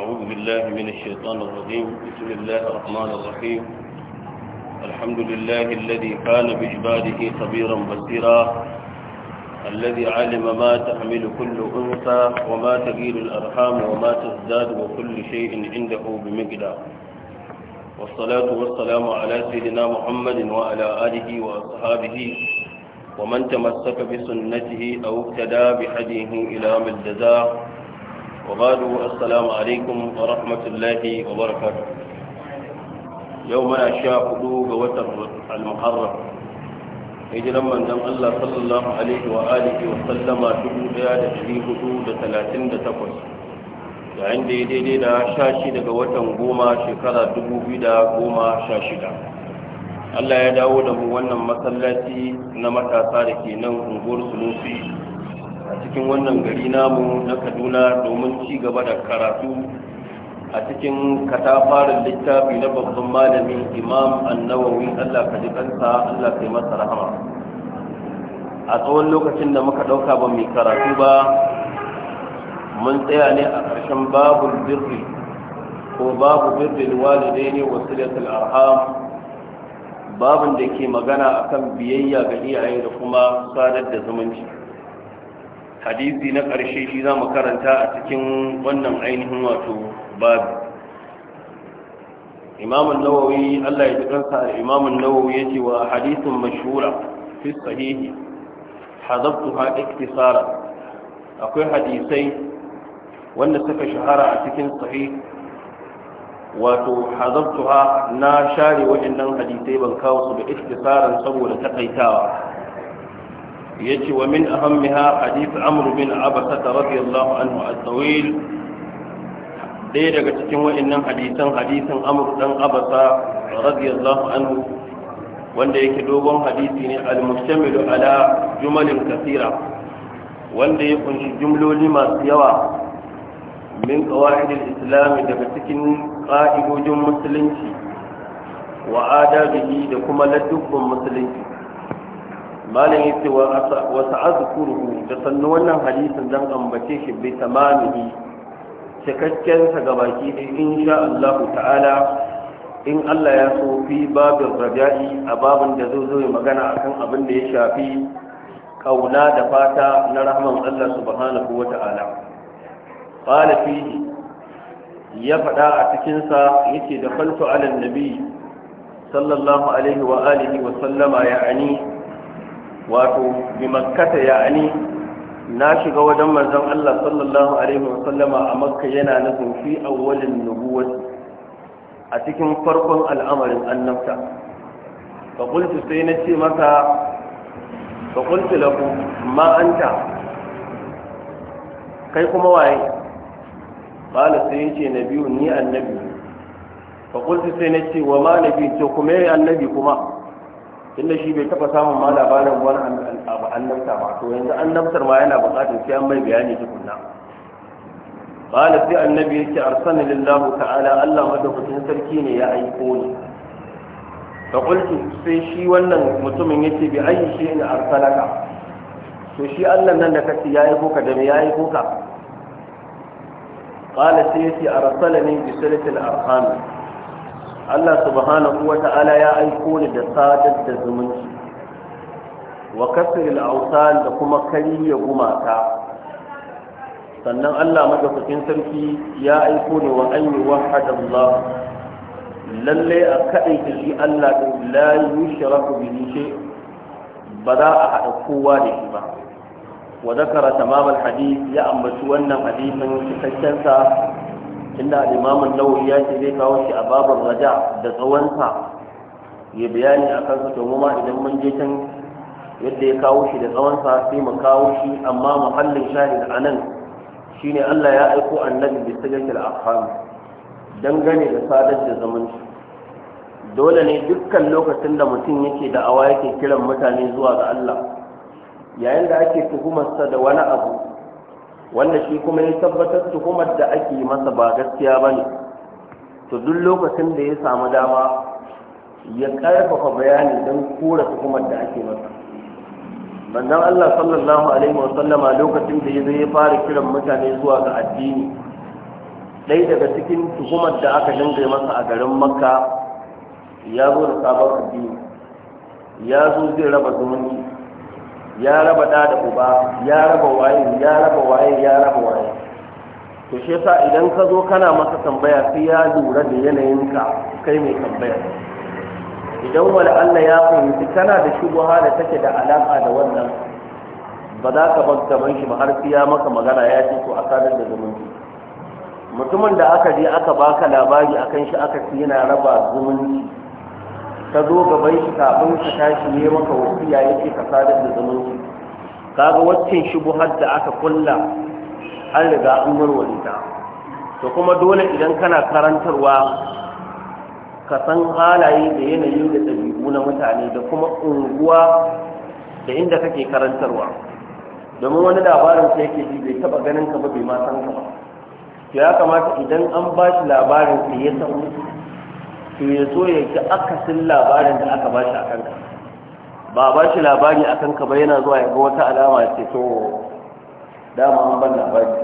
أعوذ بالله من الشيطان الرجيم بسم الله الرحمن الرحيم الحمد لله الذي كان بعباده خبيرا بصيرا الذي علم ما تحمل كل أنثى وما تغير الأرحام وما تزداد وكل شيء عنده بمقدار والصلاة والسلام على سيدنا محمد وعلى آله وأصحابه ومن تمسك بسنته أو اقتدى بحديه إلى مجدزاه وبعد السلام عليكم ورحمة الله وبركاته يوم أشاء قدوب وتر المحرم hijiran manzon Allah sallallahu alaihi wa alihi wa sallama 1438 yayin da ya daidai da shashi daga watan goma shekara 2016 Allah ya dawo da mu wannan masallaci na matasa da ke nan unguwar Sulusi a cikin wannan gari namu na kaduna domin ci gaba da karatu a cikin katafarin littafi na babban malami imam annawawi allah ka ji kansa allah ka yi masa rahama a tsawon lokacin da muka ɗauka ba mai karatu ba mun tsaya ne a ƙarshen babu birri ko babu birrin walidai ne wasu arham babin da ke magana akan biyayya ga iyaye da kuma sadar da zumunci hadisi na ƙarshe shi za mu karanta a cikin wannan ainihin wato babu imamun nawawi allah ya ji kansa imamun nawawi ya ce wa hadisin mashura fi sahihi ha iktisara akwai hadisai wanda suka shahara a cikin sahih wato ha na share waɗannan hadisai ban kawo su da iktisaran saboda takaitawa يجي ومن أهمها حديث عمرو بن عبسة radiyallahu anhu, عنه الطويل ɗaya daga cikin wa'annan hadisan hadisin amur dan abasa radiyallahu anhu wanda yake dogon hadisi ne al-mustamilu ala jumalin kasira wanda ya kunshi jumloli masu yawa min qawaidil islam daga cikin qa'idojin musulunci wa adabihi da kuma ladubban musulunci malam ya ce wa sa'azkuruhu da sannu wannan hadisin dan ambace shi bai tamamihi cikakken sa gabaki da insha Allah ta'ala in Allah ya so fi babin rabia'i a babin da zo zo magana akan abin da ya shafi kauna da fata na rahman Allah subhanahu wa ta'ala qala ya faɗa a cikin sa yake da khaltu ala nabi sallallahu alaihi wa alihi wa sallama ya'ani wato bi makkata ya'ani na shiga wajen manzon Allah sallallahu alaihi wa sallama, a makka yana nufin fi awwalin nubuwati a cikin farkon al'amarin annabta fa qultu sai na ce maka fa qultu lahu ma anta kai kuma waye qala sai yace nabiyu ni annabi fa qultu sai na ce wa ma nabi to kuma annabi kuma tunda shi bai taba samun ma labarin wani abu annabta ba to yanzu annabtar ma yana buƙatar sai an mai bayani tukunna Bala sai annabi yake arsana lillahu ta'ala Allah madaukakin sarki ne ya aiko ni fa qultu sai shi wannan mutumin yace bi ayi shay'in arsalaka to shi Allah nan da kace ya aiko ka da me ya aiko ka qala sai yace arsalani bi silatil arham Allah subhanahu wa ta'ala ya aiko ni da sadar da zumunci wa kasril awsan da kuma kariya gumata. sannan Allah madaukakin sarki ya aiko ni wa an yuwahhada Allah Lallai a kadai da shi Allah din la yushraku bihi ba za a haɗa kowa da shi ba wa zakara tamam hadith ya ambaci wannan hadisin cikakken sa tunda al-imam ya ce zai kawo shi a babar raja da tsawonsa ya bayani a kansa to ma idan mun je can yadda ya kawo shi da tsawonsa sai mu kawo shi amma muhallin shahid anan shine Allah ya aiko annabi bi sajjatil afham dangane da sadar da zamanci dole ne dukkan lokacin da mutum yake da awa yake kiran mutane zuwa ga Allah yayin da ake tuhumarsa da wani abu wanda shi kuma ya tabbatar tuhumar da ake masa ba gaskiya ba ne to duk lokacin da ya samu dama ya ƙarfafa bayani don kura tuhumar da ake masa bannan allah sallallahu alaihi wasallama lokacin da ya zai ya fara kiran mutane zuwa ga addini dai daga cikin tuhumar da aka dinga masa a garin makka ya zo da sabon addini ya zo zai raba zumunci ya raba da da uba ya raba waye ya raba waye ya raba waye to shi yasa idan ka zo kana masa tambaya sai ya lura da yanayin ka kai mai tambaya idan wani Allah ya fahimci kana da shubuha da take da alaka da wannan ba za ka bar gaban shi ba har sai ya maka magana ya ce to a da zumunci mutumin da aka je aka baka labari akan shi aka ci yana raba zumunci ta zo gaban shi kafin ka tashi ne maka wasiya yake ka sadar da Ka kaga waccan har da aka kulla an riga an warware to kuma dole idan kana karantarwa ka san halaye da yanayi da ɗabi'u na mutane da kuma unguwa da inda kake karantarwa domin wani labarin sai yake ji bai taba ganin ka ba bai ma san ka ba ya kamata idan an ba shi labarin sai ya san to ya so ya akasin labarin da aka bashi a kanka ba ba shi labari a kanka ba yana zuwa ya ga wata alama ce to dama an ban labari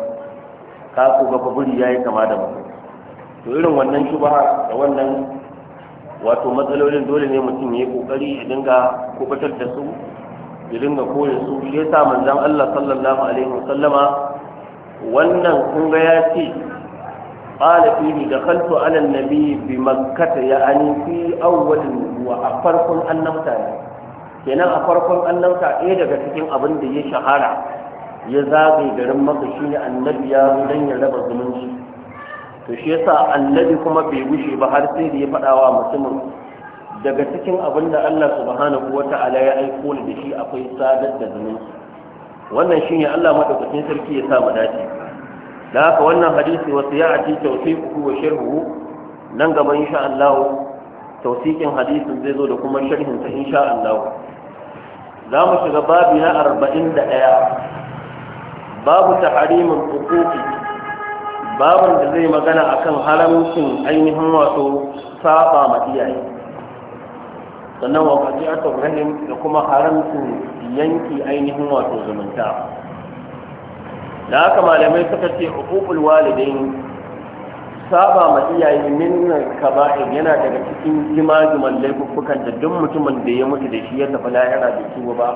ka ku ga buri yayi kama da mutum to irin wannan shubha da wannan wato matsalolin dole ne mutum ya yi kokari ya dinga kubutar da su ya dinga koya su shi yasa manzon Allah sallallahu alaihi wasallama wannan kun ga ya ce قال فيه دخلت على النبي بمكة يعني في أول وأفرق النمتة كنا أفرق النمتة إيه دقا تكين أبن دي شهارة يزاقي برمك شين النبي يا مدن يلبى الزمنش تشيسا النبي كما بيوشي بحر سيدي فدعوا مسلم daga cikin abin da Allah subhanahu wa ta'ala ya aiko da shi akwai sadar da zumunci wannan shine Allah madaukakin sarki ya sa mu dace da haka wannan hadisi wasu ya ati tawsiquhu wa shirhu? nan gaba insha Allah tausikin hadisin zai zo da kuma sharhin sa insha Allah za mu shiga babi na ɗaya. babu tahrimin hukuki babin da zai magana akan haramcin ainihin wato saba ma iyaye sannan wa qati'atu rahim da kuma haramcin yanki ainihin wato zumunta da haka malamai suka ce hukukul walidain saba ma iyaye min kaba'ir yana daga cikin jimajiman laifukan da duk mutumin da ya mutu da shi ya tafi lahira da shi ba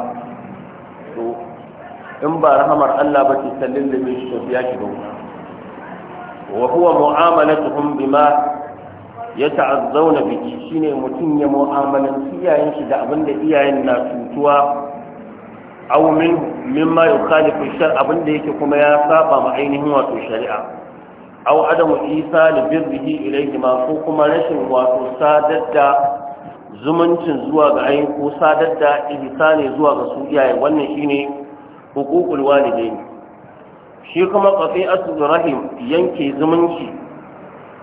to in ba rahamar Allah ba ce sallin da mai shi ya shigo wa huwa mu'amalatuhum bima yata'azzawna ta'azzauna biki shine mutum ya mu'amalan iyayen shi da abinda iyaye iyayen na cutuwa aw min mimma yukhalifu shar abin da yake kuma ya saba ma ainihin wato shari'a aw adamu isa li birrihi ilayhi ma ko kuma rashin wato sadar da zumuncin zuwa ga ayin ko sadar da ne zuwa ga su iyaye wannan shine huququl walidain shi kuma asu rahim yanke zumunci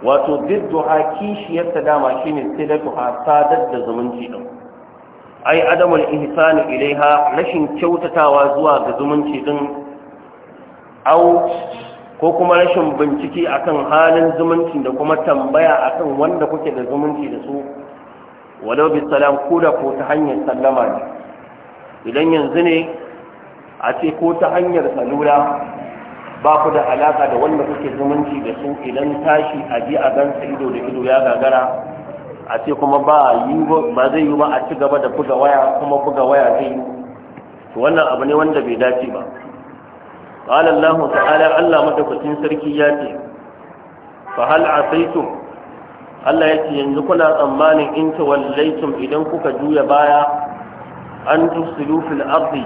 wato bidduha kishiyar yadda dama shine sai da sadar da zumunci din ai adamul ihsan ilaiha rashin kyautatawa zuwa ga zumunci din au ko kuma rashin bincike akan halin zumunci da kuma tambaya akan wanda kuke da zumunci da su walau bi salam ko da ko ta hanyar sallama ne idan yanzu ne a ce ko ta hanyar salula ba ku da alaka da wanda kuke zumunci da su idan tashi a ji a gansa ido da ido ya gagara a ce kuma ba ba zai yi ba a ci gaba da buga waya kuma buga waya zai yi wannan abu ne wanda bai dace ba allah الله sarki ya ce. fa hal عصيتم Allah ya ce yanzu kuna tsammanin in wallaitum idan kuka juya baya an tusilu fil ardi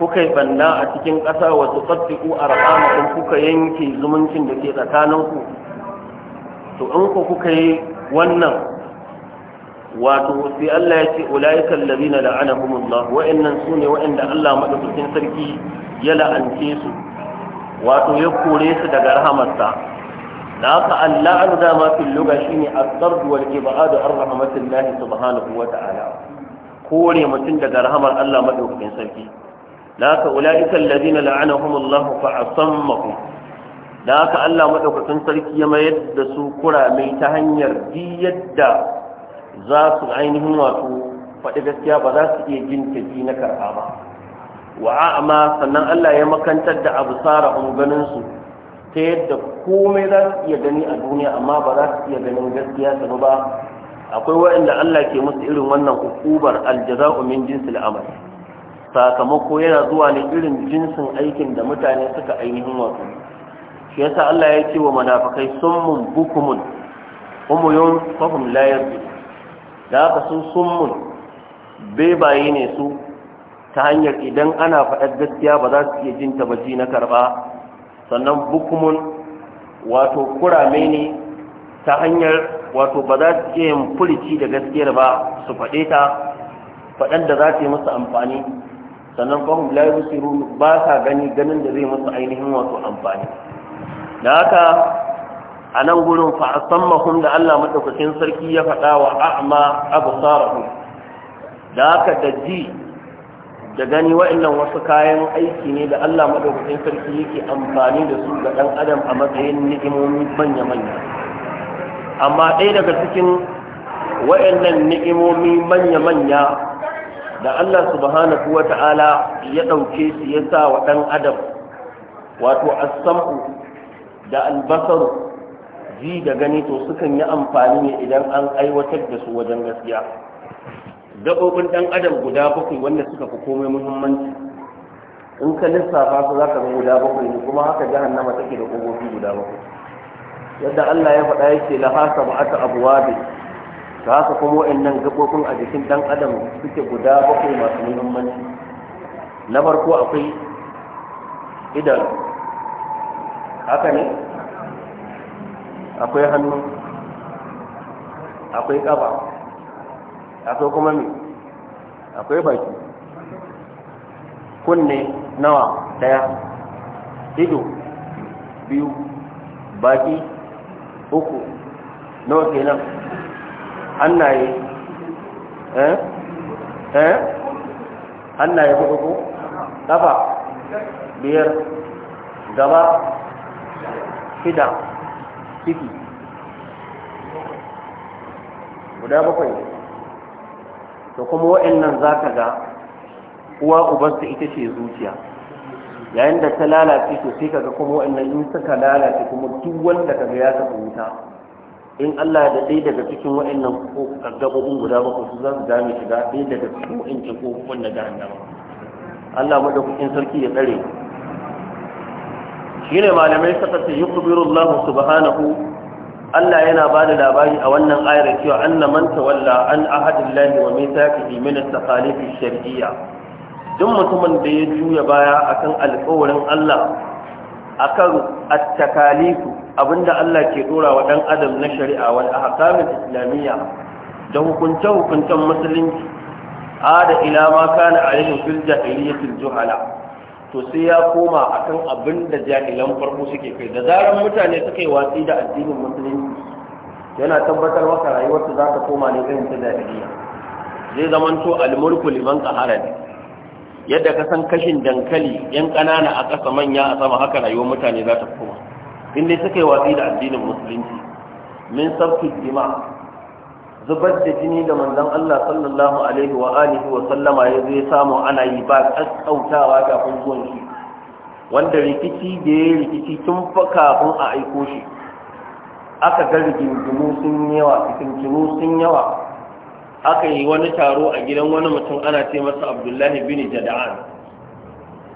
kuka yi banna a cikin ƙasa wa tuqattiqu arhamakum kuka yanke zumuncin da ke tsakaninku to in ku kuka yi wannan wato sai Allah ya ce ulaika allazina la'anahumullah wa'annan sune wa'anda Allah madaukakin sarki ya la'ance su wato ya kore su daga rahamarsa da haka Allah da ma fil lugha shine as-sard wal ibad ar rahmatillahi subhanahu wa ta'ala kore mutum daga rahamar Allah madaukakin sarki da haka ulaika allazina la'anahumullah fa asammahum da haka Allah maɗaukakin sarki ya mayar da su kurame ta hanyar da. za su ainihin wato faɗi gaskiya ba za su iya jin tafi na karɓa ba wa a'ama sannan Allah ya makantar da abu tsara ganin su ta yadda komai za su iya gani a duniya amma ba za su iya ganin gaskiya su ba akwai waɗanda Allah ke musu irin wannan hukubar aljaza'u min jinsil amal sakamako yana zuwa ne irin jinsin aikin da mutane suka ainihin wato shi yasa Allah ya ce wa munafikai summun bukumun umuyun fahum la yasbirun da haka su summun bebaye ne su ta hanyar idan ana faɗar gaskiya ba za su iya jin ta na karɓa sannan bukumun wato kurame ne ta hanyar wato ba za su iya yin fulici da gaskiyar ba su faɗe ta faɗan da za su yi musu amfani sannan fahim la siru ba sa gani ganin da zai musu ainihin wato amfani da haka a nan gurin fa asammahum da Allah madaukakin sarki ya faɗa wa Abu absarahum da haka da ji da gani wa'annan wasu kayan aiki ne da Allah madaukakin sarki yake amfani da su ga ɗan adam a matsayin ni'imomi manya manya amma ɗaya daga cikin wa'annan ni'imomi manya manya da Allah subhanahu wata'ala ya ɗauke su ya sa wa ɗan adam wato as da al ji da gani to sukan yi amfani ne idan an aiwatar da su wajen gaskiya gaɓoɓin ɗan adam guda bakwai wanda suka fi komai muhimmanci in ka lissafa su za ka ga guda bakwai ne kuma haka jahannama take da ƙofofi guda bakwai yadda Allah ya faɗa yake la hasa ba ata abwabi ta haka kuma wa'annan gaɓoɓin a jikin ɗan adam suke guda bakwai masu muhimmanci na farko akwai idan haka ne akwai hannu akwai kafa, akwai kuma me akwai baki kunne nawa daya ido biyu baki uku nawa kenan hannaye eh eh hannaye hudu ko biyar gaba shida ciki guda bakwai to kuma wa'annan za ka ga uwa ubarsa ita ce zuciya yayin da ta lalace to sai ga kuma wa'annan yi suka lalace kuma duk wanda kaga ya ta wuta in Allah da ɗaya daga cikin wa'annan gabobin guda bakwai su za su dame shiga ɗaya daga cikin wa'ancan kofofin na jahannama Allah madaukakin sarki ya tsare shine malamai suka ce yukbiru subhanahu Allah yana ba da labari a wannan ayar cewa anna man tawalla an ahadillahi wa mithaqihi min at-taqalif ash-shar'iyya duk mutumin da ya juya baya akan alƙawarin Allah akan at-takalifu abinda Allah ke dora wa dan adam na shari'a wal ahkamul islamiyya da hukunce hukuncen musulunci ada ila ma kana alaihim fil jahiliyyatil juhala to sai ya koma akan abin da jahilan farko suke kai da zarar mutane suka yi watsi da addinin musulunci yana tabbatar maka rayuwar za ta koma ne irin ta jahiliya zai zamanto almulku liman qahara ne yadda ka san kashin dankali yan kanana a ƙasa manya a sama haka rayuwar mutane za ta koma in dai suka yi watsi da addinin musulunci min sabtu jima zubar da jini da manzon Allah sallallahu alaihi wa alihi wa sallama ya zai samu ana yi ba kaskautawa kafin zuwan shi wanda rikici da ya rikici tun kafin a aiko shi aka ga rigingimu sun yawa rigingimu sun yawa aka yi wani taro a gidan wani mutum ana ce masa abdullahi bin jada'an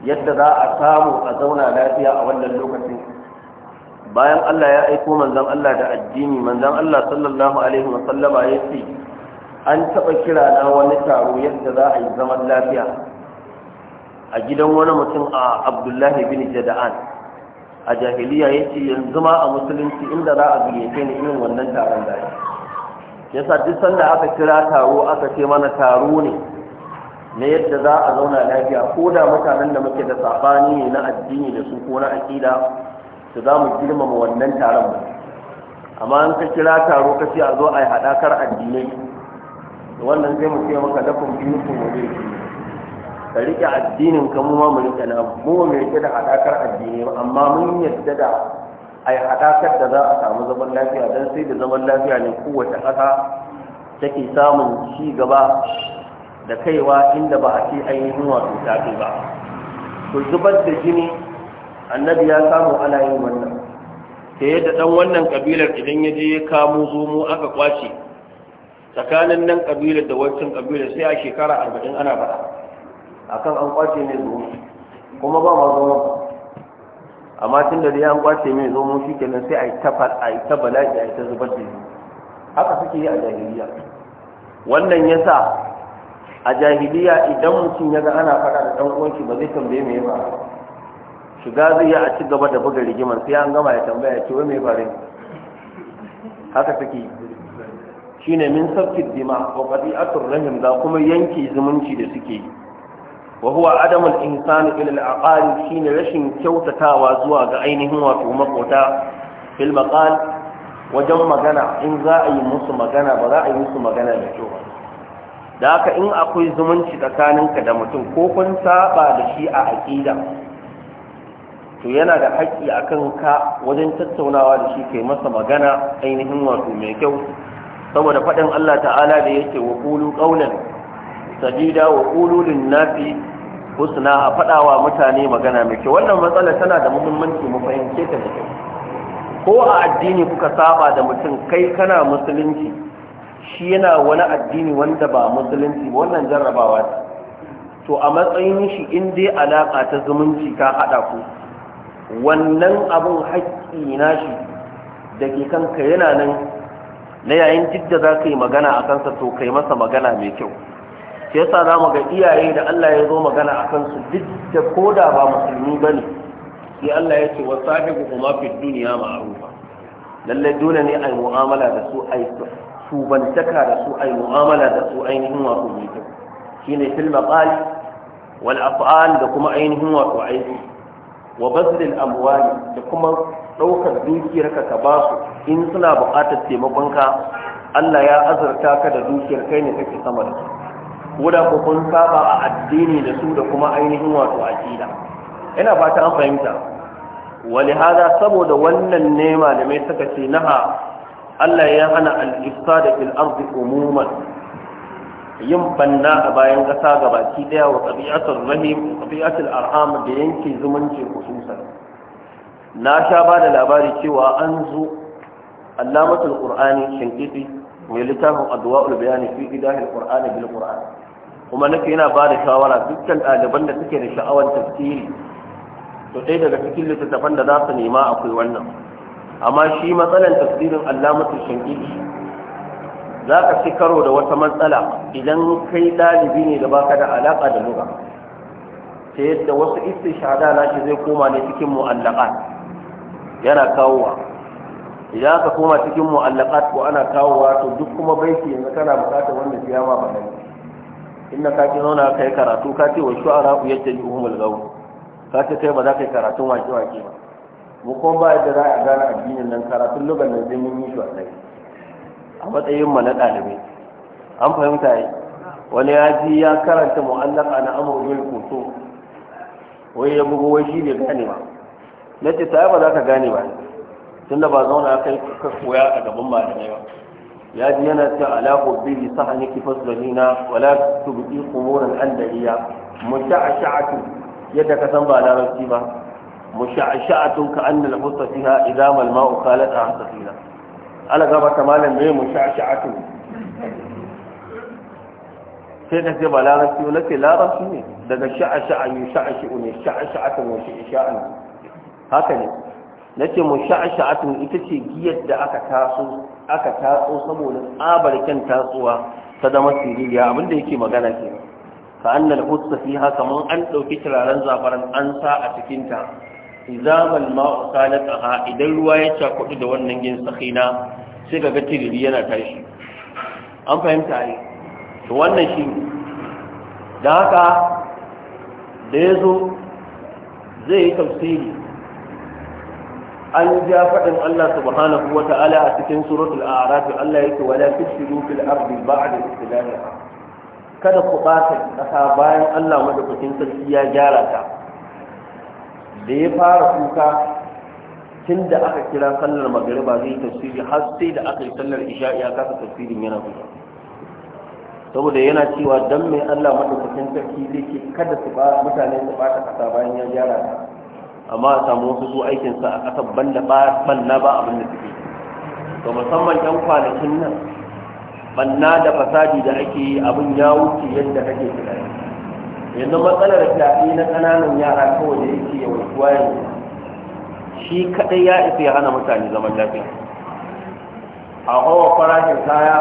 yadda za a samu a zauna lafiya a wannan lokacin bayan Allah ya aiko manzan Allah da addini manzan Allah sallallahu alaihi wa sallama ya ce an taɓa kira na wani taro yadda za a yi zaman lafiya a gidan wani mutum a Abdullahi bin Jada'an a jahiliya yace yanzu ma a musulunci inda za a gayyace ni irin wannan taron da sa duk sanda aka kira taro aka ce mana taro ne na yadda za a zauna lafiya ko da mutanen da muke da sabani ne na addini da su ko na aƙida to za mu girmama wannan taron mu amma an ka kira taro ka ce a zo a yi haɗakar addinai wannan zai mu ce maka lafin binukum wa zai ka riƙe addinin ka mu ma mu riƙe na mu mu riƙe da haɗakar addinai amma mun yadda da a yi haɗakar da za a samu zaman lafiya don sai da zaman lafiya ne kowace ƙasa take samun ci gaba da kaiwa inda ba a ce ainihin wato ta ba Ku zubar da jini annabi ya samu ana yin wannan ta yadda ɗan wannan ƙabilar idan ya je ya kamo zomo aka kwace tsakanin nan ƙabilar da wancan ƙabilar, sai a shekara arba'in ana a akan an kwace ne zomo kuma ba ma zomo amma tun da an kwace mai zomo shi kenan sai a yi ta a yi ta bala'i a yi ta zubar da shi haka suke yi a jahiliya wannan ya sa a jahiliya idan mutum ya ga ana faɗa da ɗan uwanki ba zai tambaye mai ya shiga zai yi a ci gaba da buga rigimar sai an gama ya tambaya ce wai mai farin haka take shi ne min sabkid dima wa qati'atur rahim da kuma yanke zumunci da suke yi wa huwa adamul insani ila al shine rashin kyautatawa zuwa ga ainihin wato makota fil maqal wajen magana in za a yi musu magana ba za a yi musu magana da kyau ba da haka in akwai zumunci tsakaninka da mutum ko kun saba da shi a aqida to yana da haƙƙi a kan ka wajen tattaunawa da shi kai masa magana ainihin wato mai kyau saboda faɗin Allah ta'ala da yake wa ƙulu qawlan sadida wa ƙulu linnafi husna a faɗawa mutane magana mai kyau wannan matsala tana da muhimmanci mu fahimce ta da kyau ko a addini kuka saba da mutum kai kana musulunci shi yana wani addini wanda ba musulunci ba wannan jarrabawa ce to a matsayin shi in dai alaka ta zumunci ka haɗa ku wannan abin haƙƙi nashi da ke kanka yana nan na yayin jidda za ka yi magana a kansa to kai masa magana mai kyau sai sa za mu ga iyaye da Allah ya zo magana a kansu ko da ba musulmi ba ne sai Allah ya ce wa sahibu kuma fi duniya ma'arufa lallai dole ne a yi mu'amala da su a yi subantaka da su a yi mu'amala da su ainihin wato mai kyau shine fil maqali wal af'al da kuma ainihin wato aiki wa bazlil amwali da kuma ɗaukar dukiyar ka ka basu in suna buƙatar taimakon ka Allah ya azurta ka da dukiyar kai ne kake sama da su koda ko kun saba a addini da su da kuma ainihin wato aqida ina fata an fahimta wali hada saboda wannan ne malamai suka ce naha Allah ya hana al-ifsad fil ardi umuman yin banna a bayan ƙasa ga baki ɗaya wa tabi'atul rahim tabi'atul arham da yanke zumunci khususan na sha ba da labari cewa an zo allamatul qur'ani shinkiti mai littafin adwa'ul bayani fi idahil qur'ani bil qur'an kuma nake yana ba da shawara dukkan ɗaliban da suke da sha'awar tafsiri to ɗaya daga cikin littattafan da za su nema akwai wannan amma shi matsalar tafsirin allamatul shinkiti za ka fi karo da wata matsala idan kai ɗalibi ne da baka da alaƙa da lura ta yadda wasu istishada na shi zai koma ne cikin mu'allaqat yana kawowa idan aka koma cikin mu'allaqat ko ana kawowa to duk kuma baiti yanzu kana buƙatar wanda siyama ba dai inna ka ki zauna ka yi karatu ka ce wa shu'ara ku yadda yi yuhumul gawu ka ce kai ba za ka yi karatun wake-wake ba mu kuma ba yadda za a gane addinin nan karatun lugan da zai mun yi shi a tsaye a matsayin mu na ɗalibai an fahimta yi wani ya ji ya karanta mu'allaka na amurbil kuto wai ya bugu wai shi ne gane ba na ce ta ba za ka gane ba tun da ba zauna kai ka koya a gaban malamai ba ya ji yana cewa ala hubbihi da nina wala da tubqi qumuran sha'a musha'asha'atu yadda ka san ba larabci ba sha'a musha'asha'atu ka annal hutta fiha idama al-ma'u khalat ahsafina ala gaba ta malam mai mu sha'atu sai na ce ba larabci ne ce larabci ne daga sha'a sha'a yi sha'a shi'u ne sha'a sha'atu wa shi'a sha'an haka ne na ce mu sha'a sha'atu ita ce giyar da aka taso aka tatso saboda tsabar kyan tatsuwa ta zama siririya abinda yake magana ke ka annal hutsa fi haka mun an ɗauki turaren zafaran an sa a cikinta zaman ma tsaha idan ruwa ya cakudu da wannan gin sakhina sai kaga tiriri yana tashi an fahimta ai to wannan shi da haka da yazo zai yi tafsiri an ja faɗin Allah subhanahu wa ta'ala a cikin suratul arafi Allah yake wala tusiru fil ardi ba'da istilahiha kada ku ɓata ƙasa bayan Allah madaukakin sarki ya gyara ta da ya fara kuka tun da aka kira sallar magariba zai yi tafsiri har sai da aka yi sallar isha ya kasa tafsirin yana kuka saboda yana cewa don mai Allah matakacin sarki zai ke kada su ba mutane su bata kasa bayan ya gyara amma a samu wasu su aikinsa a kasar banda ba banna ba abin da suke to musamman yan kwanakin nan banna da fasadi da ake yi abin ya wuce yadda kake tunani yanzu matsalar fyaɗe na ƙananan yara kawai da yake yawan kuwa shi kaɗai ya isa ya hana mutane zaman lafiya a hawa farashin kaya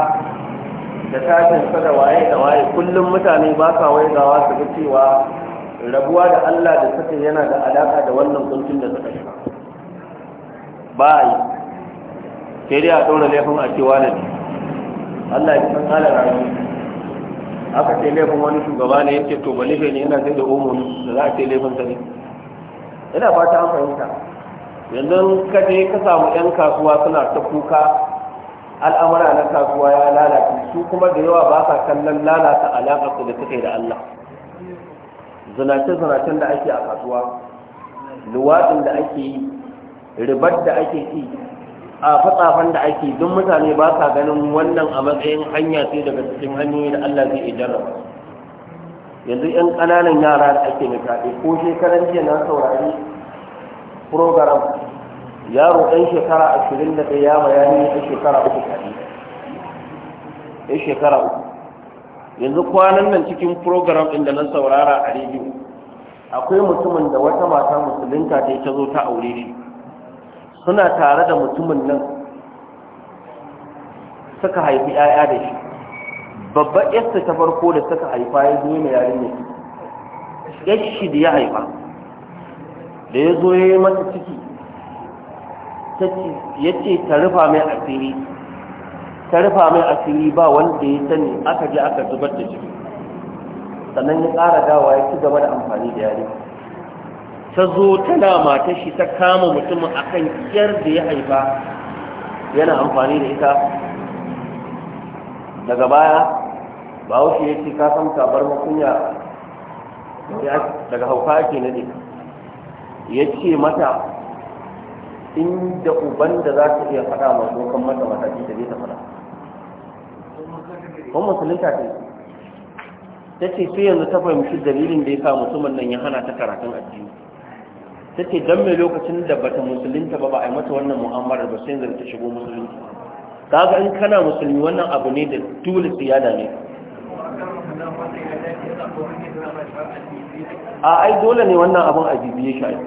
da tashin da waye da waye kullum mutane ba sa gawa su ga cewa rabuwa da Allah da suka yana da alaƙa da wannan kuncin da suka ba a yi sai dai a tsoron laifin a cewa na Allah ya san halar rayuwa aka ce laifin wani shugaba ne yake to balife ne yana sai da da za a ce laifin ta ne ina fata an fahimta yanzu kaje je ka samu yan kasuwa suna ta kuka al'amura na kasuwa ya lalace su kuma da yawa ba sa kallon lalata alaƙa su da suke da Allah zinace-zinacen da ake a kasuwa luwaɗin da ake yi ribar da ake yi. A fatsafan da ake don mutane ba sa ganin wannan a matsayin hanya sai daga cikin hanyoyi da Allah zai ijara yanzu 'yan ƙananan yara da ake mutaɗe ko shekaran jiya na saurari program yaro ɗan shekara ashirin da ɗaya yi ɗan shekara uku kaɗi ɗan shekara uku yanzu kwanan nan cikin program ɗin da na saurara a rediyo akwai mutumin da wata mata musulunta ta yi ta zo ta aure shi suna tare da mutumin nan suka haifi 'ya'ya da shi Babba yasta ta farko da suka haifa ya zo mai yarin ne shi da ya haifa da ya zo ya yi mata ciki ya ce ta mai asiri ta mai asiri ba wanda ya sani aka je aka zubar da ciki sannan ya tsara dawa ya ci gaba da amfani da yarin ta zo tana matar shi ta kama mutumin akan kiyar da ya haifa yana amfani da ita daga baya ba wuce ya ce ka samta bar makunya daga hauka ake nade ya ce mata inda uban da za ta iya fada ma dokan mata mataki ta ta faɗa kuma musulunta ta ta ce sai yanzu ta fahimci dalilin da ya sa mutumin nan ya hana ta karatun addini take ce don mai lokacin da bata musulunta ba ba a yi mata wannan mu'amalar ba sai zai ta shigo musulunci kaga in kana musulmi wannan abu ne da dole siyada ne a ai dole ne wannan abin a bibiye shi ai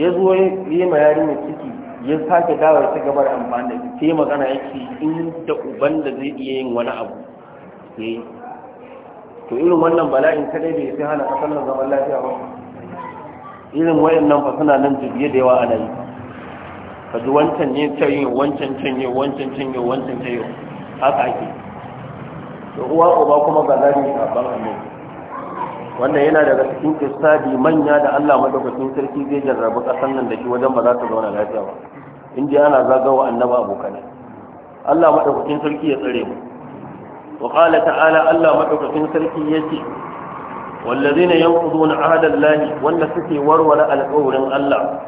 ya zo yi ma yarinya ciki ya sake dawo ta gabar amfani da ta magana yake in da uban da zai iya yin wani abu ya yi to irin wannan bala'in kadai ya fi hana kasar zaman lafiya ba irin wayannan fa suna nan dubiye da yawa ana yi ka ji wancan ne ta yi wancan can yi wancan can yi wancan can yi haka ake to uwa uba kuma ba zai ni sabon annabi wannan yana daga cikin istadi manya da Allah madaukakin sarki zai jarrabu kasan nan da shi wajen ba za ta zauna lafiya ba in ana zagawa annaba abokanai Allah madaukakin sarki ya tsare mu wa qala ta'ala Allah madaukakin sarki yace والذين ينقضون عهد الله وان سكي ورور القول الله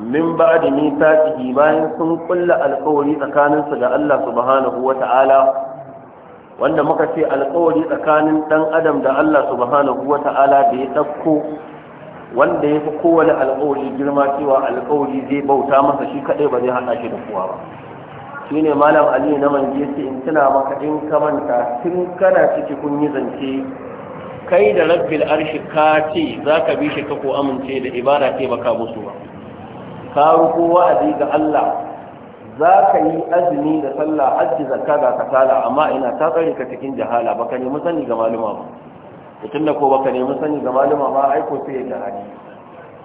من بعد ميثاقه باين سن كل القول تكانن سغا الله سبحانه وتعالى wanda muka ce alkawari tsakanin dan adam da Allah subhanahu wa ta'ala da ya ɗauko wanda ya fi kowane alkawari girma cewa alkawari zai bauta masa shi kaɗai ba zai haɗa shi da kowa ba shi ne malam aliyu na mange in tuna maka in ka manta tun kana ciki kun yi zance kai da rabbil arshi ka ce za ka bi shi ka ko amince da ibada ce baka musu ba ka ruku wa'azi ga Allah za ka yi azumi da sallah hajji zakka ga kasala amma ina ta tsare ka cikin jahala baka nemi sani ga maluma ba mutum da ko baka nemi sani ga maluma ba ko sai ya jahali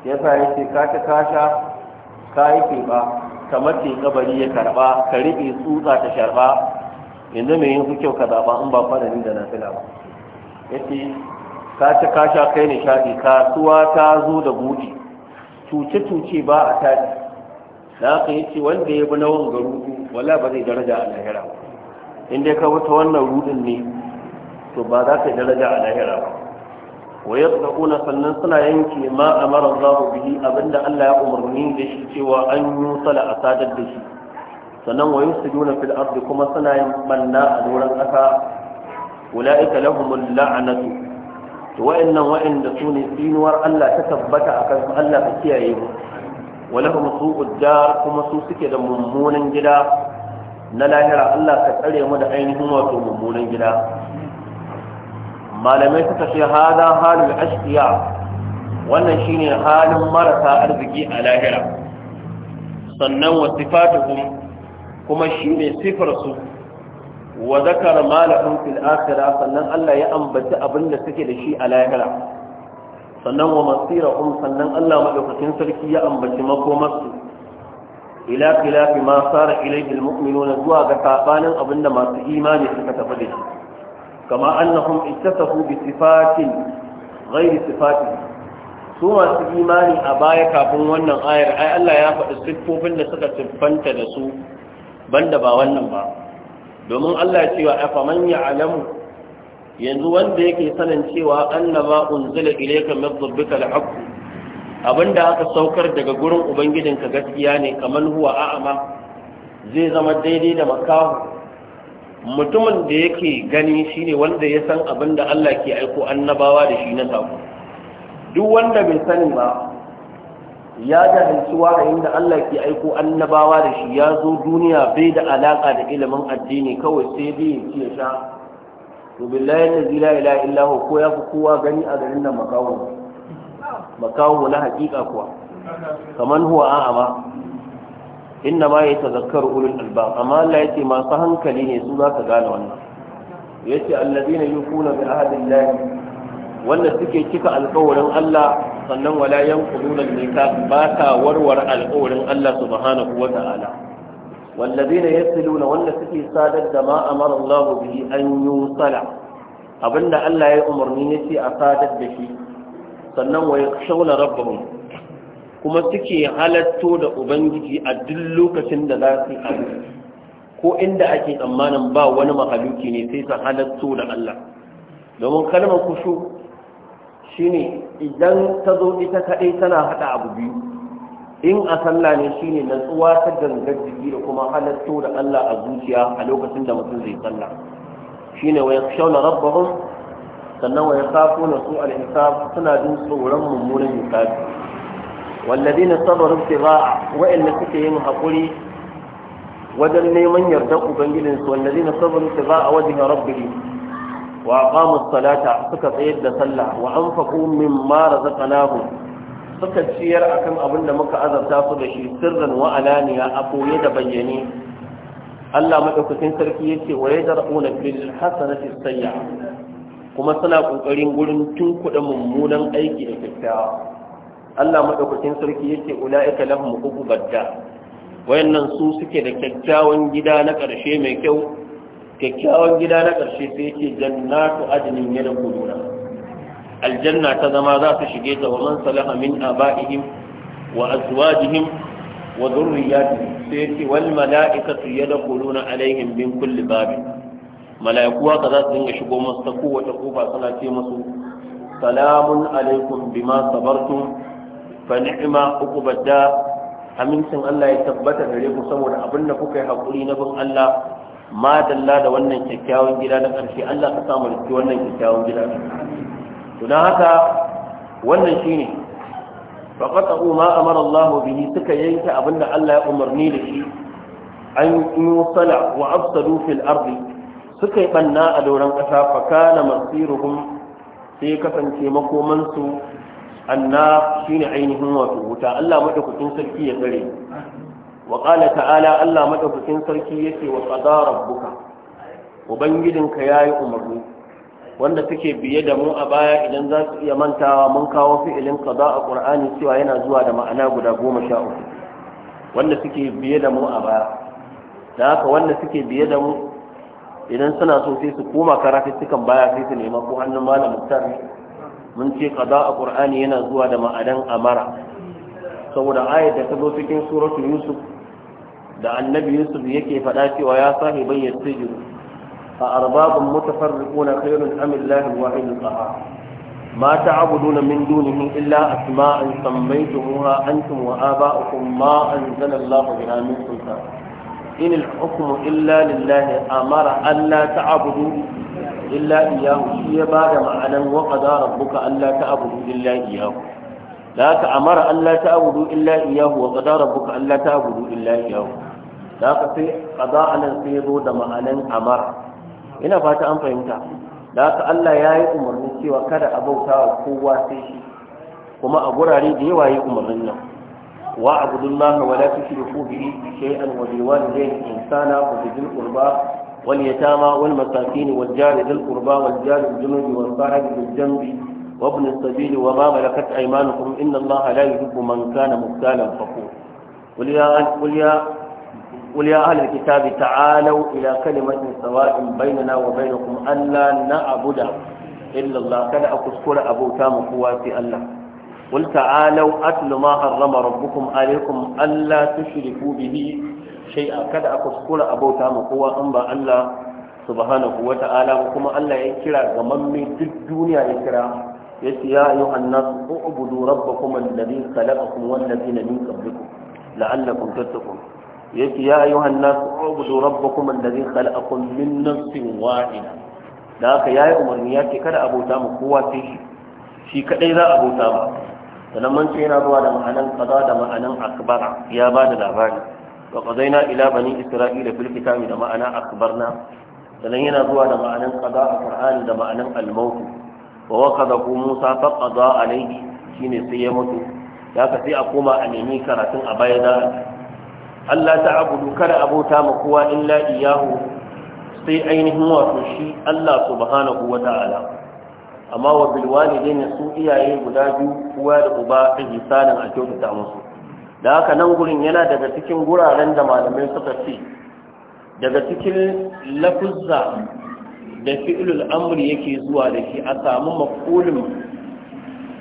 yasa ka ta kasha ka yi keɓa kamar ke kabari ya karɓa ka riƙe tsutsa ta sharɓa yanzu mai yin su kyau ka zaɓa in ba ni da na ba yace ka ci ka sha kai nishadi kasuwa ta zo da buɗi cuce-cuce ba a tashi da yi yace wanda ya bi na wanga rudu wala ba zai daraja a lahira ba in dai ka wata wannan rudin ne to ba za ka yi daraja a lahira ba wa yaquna sannan suna yanke ma za Allah bihi abinda Allah ya umarni da shi cewa an yusala a sadar da shi sannan su yusjuna fil ardi kuma suna yin manna a doron ƙasa ula'ika lahumul la'anatu to wa'annan wa'anda su ne tsinuwar Allah ta tabbata akan su Allah ka kiyaye mu walahum su'ud dar kuma su suke da mummunan gida na lahira Allah ka tsare mu da ainihin wato mummunan gida malamai suka ce hada halul ashqiya wannan shine halin marasa arziki a lahira sannan wa sifatuhum kuma shine sifar su wa zakara malahum fil akhirah sannan Allah ya ambaci abin da suke da shi a lahira sannan wa masira masirahum sannan Allah madaukakin sarki ya ambaci makomarsu ila khilafi ma sara ilayhi almu'minuna zuwa ga sabanin abinda masu imani suka tafi da shi kama annahum ittasafu bi sifatin ghairi sifati su masu imani a baya kafin wannan ayar ai Allah ya faɗi siffofin da suka tuffanta da su banda ba wannan ba domin Allah cewa afa man alamu. yanzu wanda yake sanin cewa annaba, unzila ilayka min rabbika al-haqq abinda aka saukar daga gurin ubangijinka gaskiya ne kaman huwa a'ama zai zama daidai da makahu mutumin da yake gani shine wanda ya san abinda Allah ke aiko annabawa da shi na sako duk wanda bai sani ba ya jahilci wahayin da Allah ke aiko annabawa da shi ya zo duniya bai da alaka da ilimin addini kawai sai dai ya ce sha to billahi la ilaha illa hu ko ya fi kowa gani a garin nan makawo makawo na hakika kuwa kaman huwa a'a ma Inda ma ya tazakkar ulul albab amma Allah ce masu hankali ne su za ka gane wannan yace allazina yuquna bi ahadillahi wanda suke cika alƙawarin Allah sannan wala yanquduna al-mika ba ta warware alƙawarin Allah subhanahu wa ta'ala wallazina yasiluna wanda suke sadar da ma amara Allah bihi an yusala abinda Allah ya umarni ne sai a sadar da shi sannan wa yakhshawna rabbahum kuma suke halatto da ubangiji a duk lokacin da za su abu ko inda ake tsammanin ba wani mahaluki ne sai su halatto da Allah domin kalmar kushu shine idan ta zo ita kaɗai tana haɗa abu biyu in a sallah ne shine natsuwa ta gangar jiki da kuma halatto da Allah a zuciya a lokacin da mutum zai sallah shine wa yakhshawna rabbahum sannan wa yakhafuna su'al hisab suna jin tsoron mummunan hisabi walladina sabaru ibtigaa wa'anda suke yin hakuri wajen neman yarda ubangijinsu walladina sabaru ibtigaa wajhi rabbihim wa aqamu suka tsayar da sallah wa anfaqu mimma razaqnahum suka ciyar akan abinda muka azata su da shi sirran wa alaniya a koye da bayyane Allah madaukakin sarki yace wa yadra'una bil hasanati sayyi'a kuma suna kokarin gurin tunkuda mummunan aiki da kyakkyawa Allah madaukakin sarki yace ulaika lahum uqubadda wayannan su suke da kyakkyawan gida na ƙarshe mai kyau kyakkyawan gida na ƙarshe sai yake jannatu adinin ya da kuluna aljanna ta zama za su shige ta wa man salaha min aba'ihim wa azwajihim wa dhurriyyatihim sai yake wal mala'ikatu yadkhuluna alaihim min kulli babin mala'iku haka za su dinga shigo masu ta kowace kofa suna ce masu salamun alaikum bima sabartum fa ni'ma uqubadda amincin Allah ya tabbata gare ku saboda abin da kuka yi hakuri na bin Allah ma dalla da wannan kyakkyawan gida na ƙarshe Allah ka samu rikki wannan kyakkyawan gida to dan haka wannan shine fa qata'u ma amara Allah bihi suka yanke abinda Allah ya umarni da shi an yusala wa afsadu fil ardi suka yi banna a doron ƙasa faka kana masiruhum sai kasance makomansu anna shine ainihin wato wuta Allah madaukakin sarki ya tsare wa ta'ala Allah madaukakin sarki yake wa qada rabbuka ubangijinka yayi umarni wanda take biye da mu a baya idan za su iya mantawa mun kawo fi'ilin qada a qur'ani cewa yana zuwa da ma'ana guda goma sha uku wanda suke biye da mu a baya da haka wanda suke biye da mu idan suna so su koma karatuttukan baya sai su nema ko hannun malam mun ce a yana zuwa da ma'anan amara saboda ayat da ta zo cikin suratul yusuf da annabi yusuf yake faɗa cewa ya sahi bayyana sijiru a arbabun mutafarriquna khairun am illahi al-wahid al-qahhar ma ta'buduna min dunihi illa asma'an sammaytumuha antum wa aba'ukum ma anzala Allahu biha min sultan in al-hukmu illa lillahi amara alla ta'budu illa iyyahu shi ya bada ma'anan wa qadara rabbuka alla ta'budu illa iyyahu da haka amara Allah ta abudu illa iyahu wa Allah ta abudu illa da haka sai kaza anan sai zo da ma'anin amar. ina fata an fahimta da aka Allah ya yi umarni cewa kada a bauta wa kowa sai shi kuma a gurare da yawa yi umarnin nan wa abudullah wa la tushriku bihi shay'an wa bil walidayni insana wa bil qurba wal wani wal masakin wal jari dhil qurba wal jari junubi wal sahib bil janbi wa ibn as-sabil wa ma malakat aymanukum inna allaha la yuhibbu man kana muktalan fakhur qul ya qul ya قل يا أهل الكتاب تعالوا إلى كلمة سواء بيننا وبينكم ألا نعبد إلا الله كان أكسكر أبو تام قواتي الله قل تعالوا أتل ما حرم ربكم عليكم ألا تشركوا به شيئا كان أكسكر أبو تام قوة أنبا الله سبحانه وتعالى وكما الله يكرا ومن تلك الدنيا يكرا يا أيها الناس اعبدوا ربكم الذي خلقكم والذين من قبلكم لعلكم تتقون yake ya ayyuhan nasu ubudu rabbakum alladhi khalaqakum min nafsin wahida da haka yayi umarni yake kada abota mu kowa sai shi shi kadai za a abota ba sannan man yana zuwa da ma'anan kaza da ma'anan akbara ya ba da labari wa qadaina ila bani isra'ila fil kitabi da ma'ana akbarna sannan yana zuwa da ma'anan qada a qur'ani da ma'anan al-maut wa waqadahu musa fa qada alayhi shine sai ya mutu da haka sai a koma a nemi karatun a baya da Allah ta abudu kada abota ma kowa illa iyahu sai ainihin wato shi Allah subhanahu wa ta'ala amma wa bil walidain su iyaye guda biyu uwa da uba a hisanin a kyautata musu da haka nan gurin yana daga cikin guraren da malamai suka ce daga cikin lafuzza da fi'lul amri yake zuwa da shi a samu maf'ulun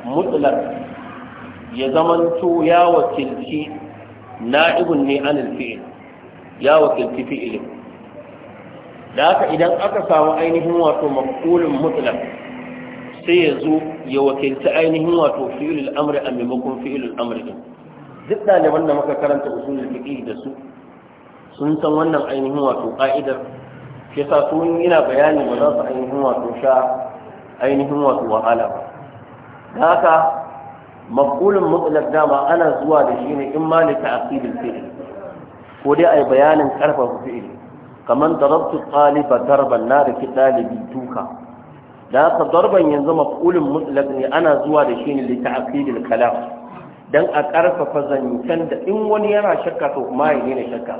mutlaq ya zamanto ya wakilci na'ibun ne anil fi'il ya wakilci fi'ilin da haka idan aka samu ainihin wato maqulun mutlaq sai ya zo ya wakilci ainihin wato fi'ilul amri a maimakon fi'ilul amri din duk ɗaliban da muka karanta usulul fiqh da su sun san wannan ainihin wato ka'idar shi sa su yana bayani ba za su ainihin wato sha ainihin wato wahala ba haka maqulun mutlaq dama ana zuwa da shi ne in ma li ta'qidil fi'l ko dai ai bayanin karfafa fi'l kaman darabtu taliba darban na da dalibi duka da ka darban yanzu maqulun mutlaq ne ana zuwa da shi ne li ta'qidil kalam dan a karfafa zancen da in wani yana shakka to ma yana shakka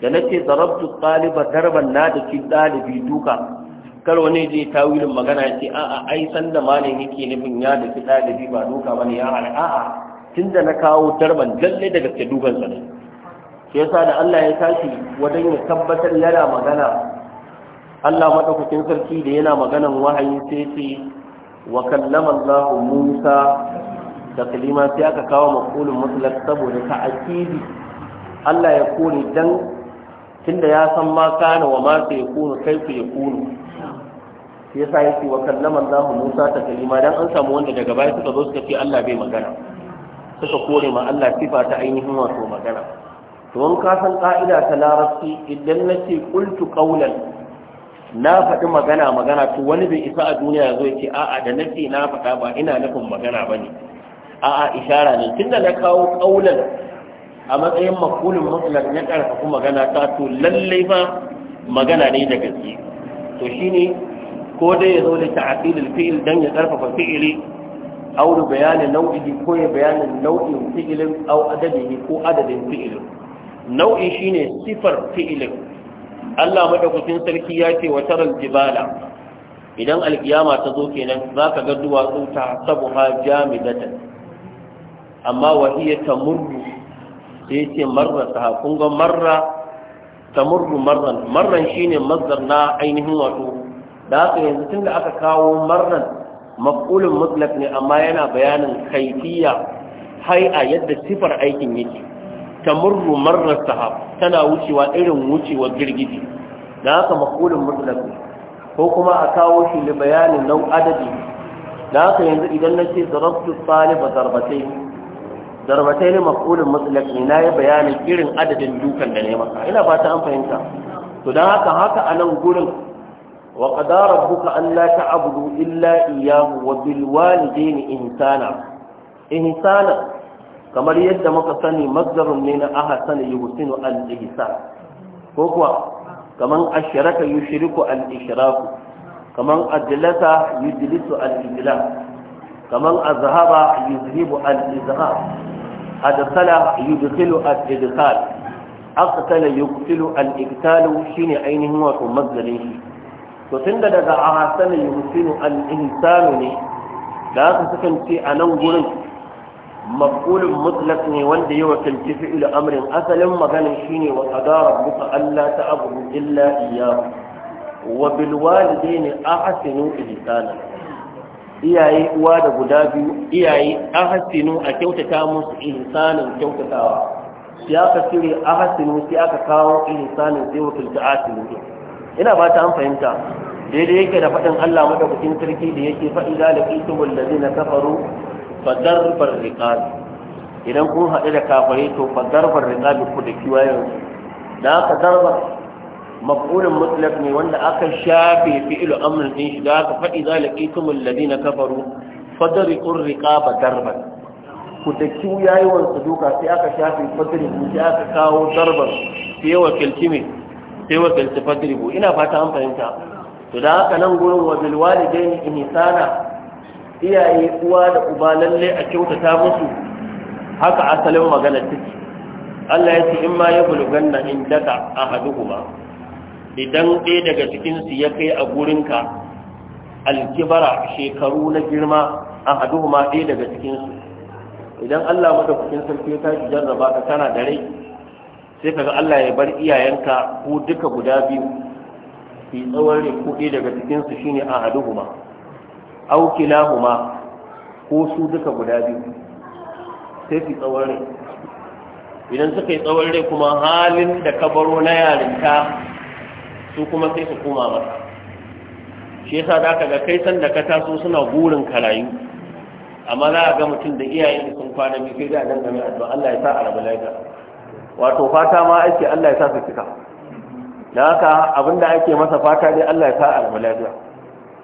da nace darabtu taliba darban na da dalibi duka kar wani je tawilin magana ya ce a ai san da malam yake nufin ya da fita da bi ba doka ne, ya hana a'a tunda na kawo tarban lalle daga ke dukan sa shi yasa da Allah ya tashi wajen ya tabbatar yana magana Allah madaukakin sarki da yana maganan wahayi sai ce wa kallama Allah Musa da kalima sai aka kawo maqulun mutlaq saboda akidi Allah ya kore dan tunda ya san ma kana wa ma sai yakunu ya yakunu shi yasa yake wa kallama Allah Musa ta kalima dan an samu wanda daga baya suka zo suka ce Allah bai magana suka kore ma Allah sifa ta ainihin wato magana to an ka san ka'ida ta larabci idan nace qultu qawlan na faɗi magana magana to wani bai isa a duniya zo ce a'a da nace na faɗa ba ina nufin magana bane a'a ishara ne tunda na kawo qawlan a matsayin makulin mutlak ya karfafa magana ta to lallai ba magana ne da gaske to shine ko dai ya zo da ta'aqilul fi'il dan ya karfafa fi'ili aw da bayanin nau'i ko ya bayanin nau'in fi'ilin aw adadihi ko adadin fi'ilin nau'i shine sifar fi'ilin Allah madaukakin sarki ya ce wa taral jibala idan alkiyama ta zo kenan zaka ga duwatsu ta sabuha jamidatan amma wahiya tamurru sai ce marra ta kun ga marra tamurru marran marran shine mazdar na ainihin wato da haka yanzu tun da aka kawo marnan maf'ulun mutlaq ne amma yana bayanin kaifiya a yadda sifar aikin yake tamurru marrar sahab tana wucewa irin wucewa girgiji da haka maf'ulun mutlaq ne ko kuma a kawo shi da bayanin nau adadi da haka yanzu idan na ce zarabtu ba zarbatai zarbatai ne maf'ulun mutlaq ne na yi bayanin irin adadin dukan da ne maka ina ba ta an fahimta to don haka haka a nan gurin wa qada rabbuka alla ta'budu illa iyyahu wa bil walidayni ihsana ihsana kamar yadda muka sani mazdarun ne na ahsana yuhsinu al ihsan ko kuwa kaman ashraka yushriku al ishraku kaman ajlasa yujlisu al ijlas kaman azhaba yuzhibu al izhab adkhala yudkhilu shine ainihin wato mazdarin to tunda daga ahsana yuhsinu al-insanu ne da haka sukan ce a nan gurin maf'ulun mutlaq ne wanda ya wakilci fi'il amrin asalin maganin shine wa qadara Allah ta abu illa iyyahu wa ne, a ahsinu ihsana iyaye uwa da guda biyu iyaye a ahsinu a kyautata musu ihsanin kyautatawa sai aka a ahsinu sai aka kawo ihsanin sai wakilci ahsinu ina ba ta an fahimta daidai yake da faɗin Allah madaukakin sarki da yake faɗi da laqitumul ladina kafaru fadar farriqal idan kun haɗu da kafare to fadar farriqal ku da kiwayen da aka darba maf'ulun mutlaq ne wanda aka shafe fi'lu amrin din shi da aka faɗi da laqitumul ladina kafaru fadriqur riqaba darban ku da kiwayen su duka sai aka shafe fadriqu sai aka kawo darban sai wa mai sai wa kalci fadribu ina fata an fahimta to da haka nan gurin wa bil walidain ihsana iyaye uwa da uba lalle a kyautata musu haka asalin magana take Allah ya ce in ma a indaka ahaduhuma idan ɗaya daga cikin ya kai a gurinka alkibara shekaru na girma ahaduhuma ɗaya daga cikin idan Allah madaukakin sarki ya tashi jarraba ka kana da rai sai kaga Allah ya bar iyayenka ko duka guda biyu fi tsawon rikuɗi daga cikinsu shine a haduhuma au kilahuma ko su duka guda biyu sai fi tsawon rai idan suka yi tsawon rai kuma halin da ka baro na yarinta su kuma sai su koma masa shi yasa za ka ga kai san da ka taso suna burin karayu amma za a ga mutum da iyayen sun kwana biyu sai da a dangane addu'a Allah ya sa a rabu lafiya wato fata ma ake Allah ya sa su cika da haka abinda ake masa fata dai Allah ya sa almu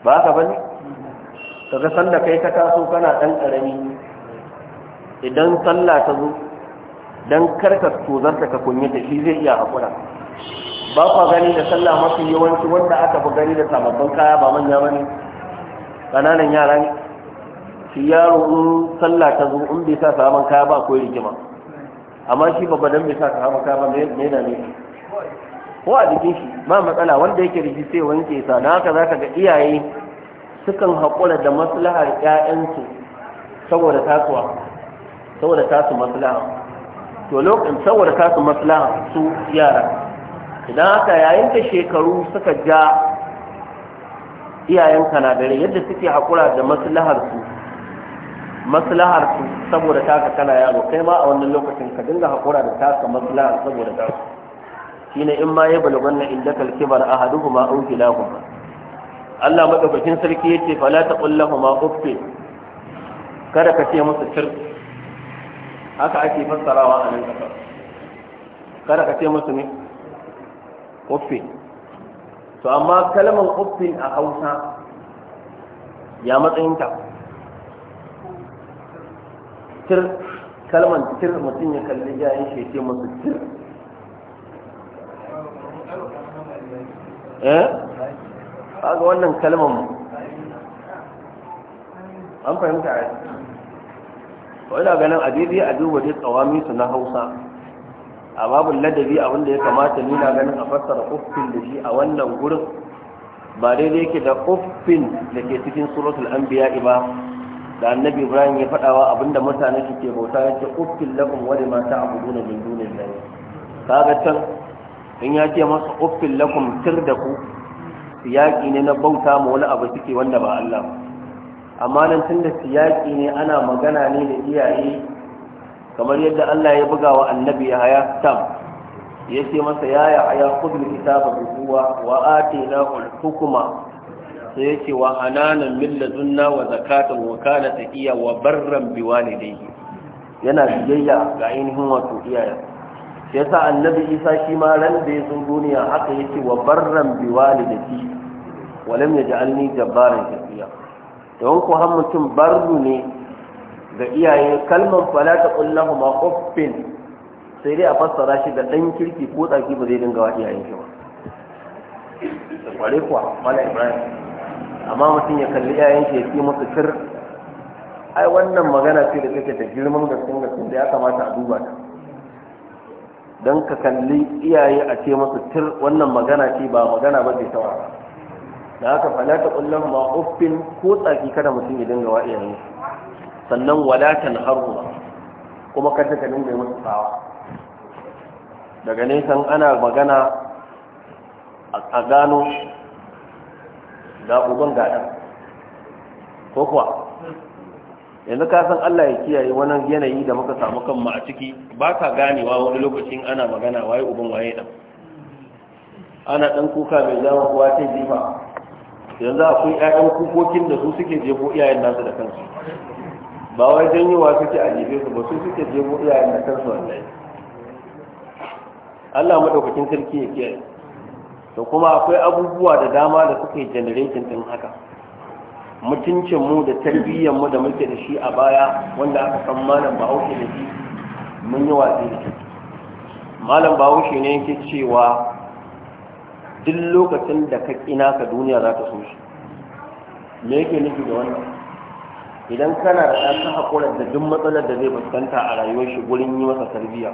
ba haka bane kaga sanda kai ka taso kana dan karami idan sallah ta zo dan karka tozarta ka da shi zai iya hakura ba fa gani da sallah mafi yawanci wanda aka fi gani da sababbin kaya ba manya ba ne ƙananan yaran shi yaro in sallah ta zo in bai sa sabon kaya ba ko rigima amma shi babba dan bai sa ka hama ba me yana ne ko a jikin shi ba matsala wanda yake da sai wanke sa na haka zaka ga iyaye sukan haƙura da maslahar ƴaƴansu saboda tasuwa saboda tasu maslaha to lokacin saboda tasu maslaha su yara idan haka yayin da shekaru suka ja iyayen na yadda suke haƙura da maslahar su maslahar su saboda taka kana yaro kai ma a wannan lokacin ka dinga hakura da taka maslahar saboda ta shine in ma ya balagwanna indaka alkibar ahaduhuma aw kilahuma Allah madaukakin sarki yace fala taqul lahumu uffin kada ka ce musu cir haka ake fassarawa a nan kasar kada ka ce musu ne uffin to amma kalmar uffin a Hausa ya matsayinta tir kalman tir mutum ya kalli ya shi ce masu tir eh ga wannan kalman an fahimta ai wani ganin adidi a duba dai tsawami su na hausa a babin ladabi abinda ya kamata nuna ganin a fassara uffin da shi a wannan gurin ba daidai yake da uffin da ke cikin suratul anbiya ba da annabi ibrahim ya faɗawa abinda mutane suke bauta ya ce uffin lakum wa lima ta'buduna min dunillahi kaga can in ya ce masa uffin lakum tir da ku siyaki ne na bauta ma wani abu suke wanda ba Allah amma nan tunda siyaki ne ana magana ne da iyaye kamar yadda Allah ya buga wa annabi ya haya tam ya ce masa ya ya haya ga kitaba bi wa atina sai yake wa hananan min ladunna wa zakatan wa kana taqiya wa barran bi walidayhi yana biyayya ga ainihin wato iyaye sai yasa annabi Isa shi ma ran da ya zo duniya haka yake wa barran bi walidati wa lam yaj'alni jabbaran kafiya don ku har mutum barru ne ga iyaye kalmar fala ta kullahu ma uffin sai dai a fassara shi da ɗan kirki ko tsaki ba zai dinga wa iyayen shi ba. Kware kuwa, Mala Ibrahim. amma mutum ya kalli yayan shi ya ce musu kir ai wannan magana ce da take da girman gaskin gaskin da ya kamata a duba ta don ka kalli iyaye a ce musu tir wannan magana ce ba magana ba ce ta wasa da haka fala ta kullum ma uffin ko tsaki kada mutum ya dinga wa iyaye sannan wala tanharu kuma kada ka dinga musu tsawa daga nesan ana magana a gano ga uban gada ko kuwa yanzu ka san Allah ya kiyaye wani yanayi da muka samu kanmu a ciki ba ka ganewa wani lokacin ana magana waye uban waye dan ana ɗan kuka mai zama kuwa ta jifa yanzu akwai ƴaƴan kukokin da su suke jefo iyayen nasu da kansu ba wai janyewa suke a jefe su ba su suke jefo iyayen da kansu wallahi Allah madaukakin sarki ya kiyaye to kuma akwai abubuwa da dama da suke generating din haka mutuncin mu da tarbiyyar mu da muke da shi a baya wanda aka san malam bahaushe da shi mun yi watsi da shi malam bahaushe ne yake cewa duk lokacin da ka kina ka duniya za ta so shi me yake nufi da wannan idan kana da ɗan haƙura da duk matsalar da zai fuskanta a rayuwar shi gurin yi masa tarbiyya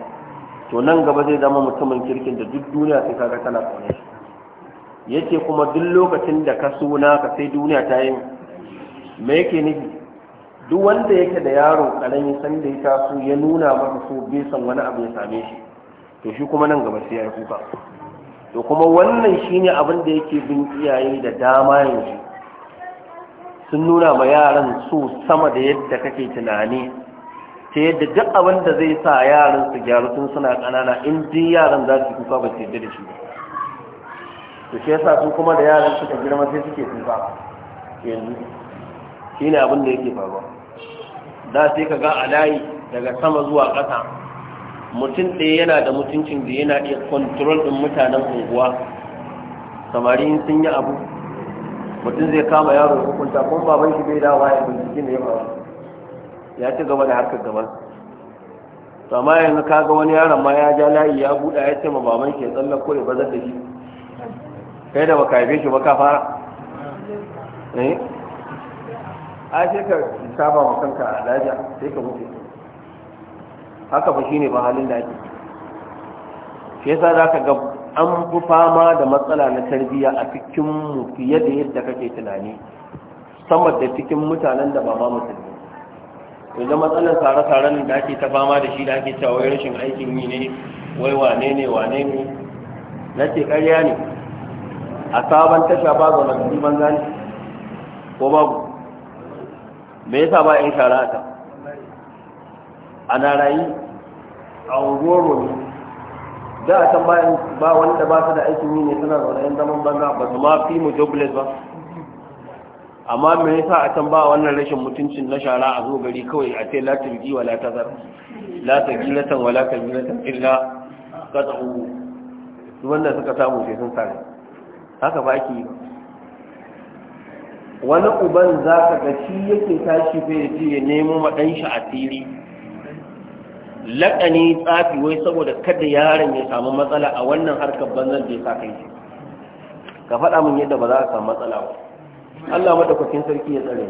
to nan gaba zai zama mutumin kirkin da duk duniya sai kaga tana kaunar shi yace kuma duk lokacin da ka suna ka sai duniya ta yi me yake ni duk wanda yake da yaro karami san da ya taso ya nuna masa so bai san wani abu ya same shi to shi kuma nan gaba sai ya kuka to kuma wannan shine abin da yake bin iyaye da dama yanzu sun nuna ma yaran so sama da yadda kake tunani ta yadda duk abin da zai sa yaran su gyaru tun suna kanana in ji yaran za su kuka ba su yadda da shi ba to shi yasa su kuma da yaran suka girma sai suke tsufa? yanzu shine abin da yake faruwa da sai ka ga a layi daga sama zuwa ƙasa mutum ɗaya yana da mutuncin da yana iya kontrol ɗin mutanen unguwa samari sun yi abu mutum zai kama yaro hukunta kuma baban shi bai dawa ya bincike ne ya faru ya ci gaba da harkar gaban to amma yanzu kaga wani yaron ma ya ja layi ya buɗa ya ce ma baban shi ya kore ya bazar da shi kai da baka haife shi ba ka fara eh a sai ka saba ma kanka a daja sai ka mutu haka ba shine ba halin da ake shi yasa zaka ga an fi fama da matsala na tarbiyya a cikin mu fiye da yadda kake tunani sama da cikin mutanen da ba ma musulmi yanzu matsalar tsare-tsaren da ake ta fama da shi da ake cewa wai rashin aikin yi ne wai wane ne wane ne na ce ƙarya ne a sabon tasha ba zaune cikin banza ne ko babu me yasa ba yan shara a can ana rayu a unguwar ne da a can bayan ba wanda ba su da aikin yi ne suna zaune yan zaman banza ba su ma fi mu jobless ba amma me yasa a can ba wannan rashin mutuncin na shara a zo gari kawai a ce la turji wala tazar la tagilatan wala kabiratan illa Su wannan suka samu sai sun sare haka ba ki wani uban za ka ga shi yake tashi fiye ji ya nemo maɗan shi a fili laƙani tsafi wai saboda kada yaron ya samu matsala a wannan harkar banzan da ya sa kai ka faɗa min yadda ba za ka samu matsala ba Allah madaukakin sarki ya tsare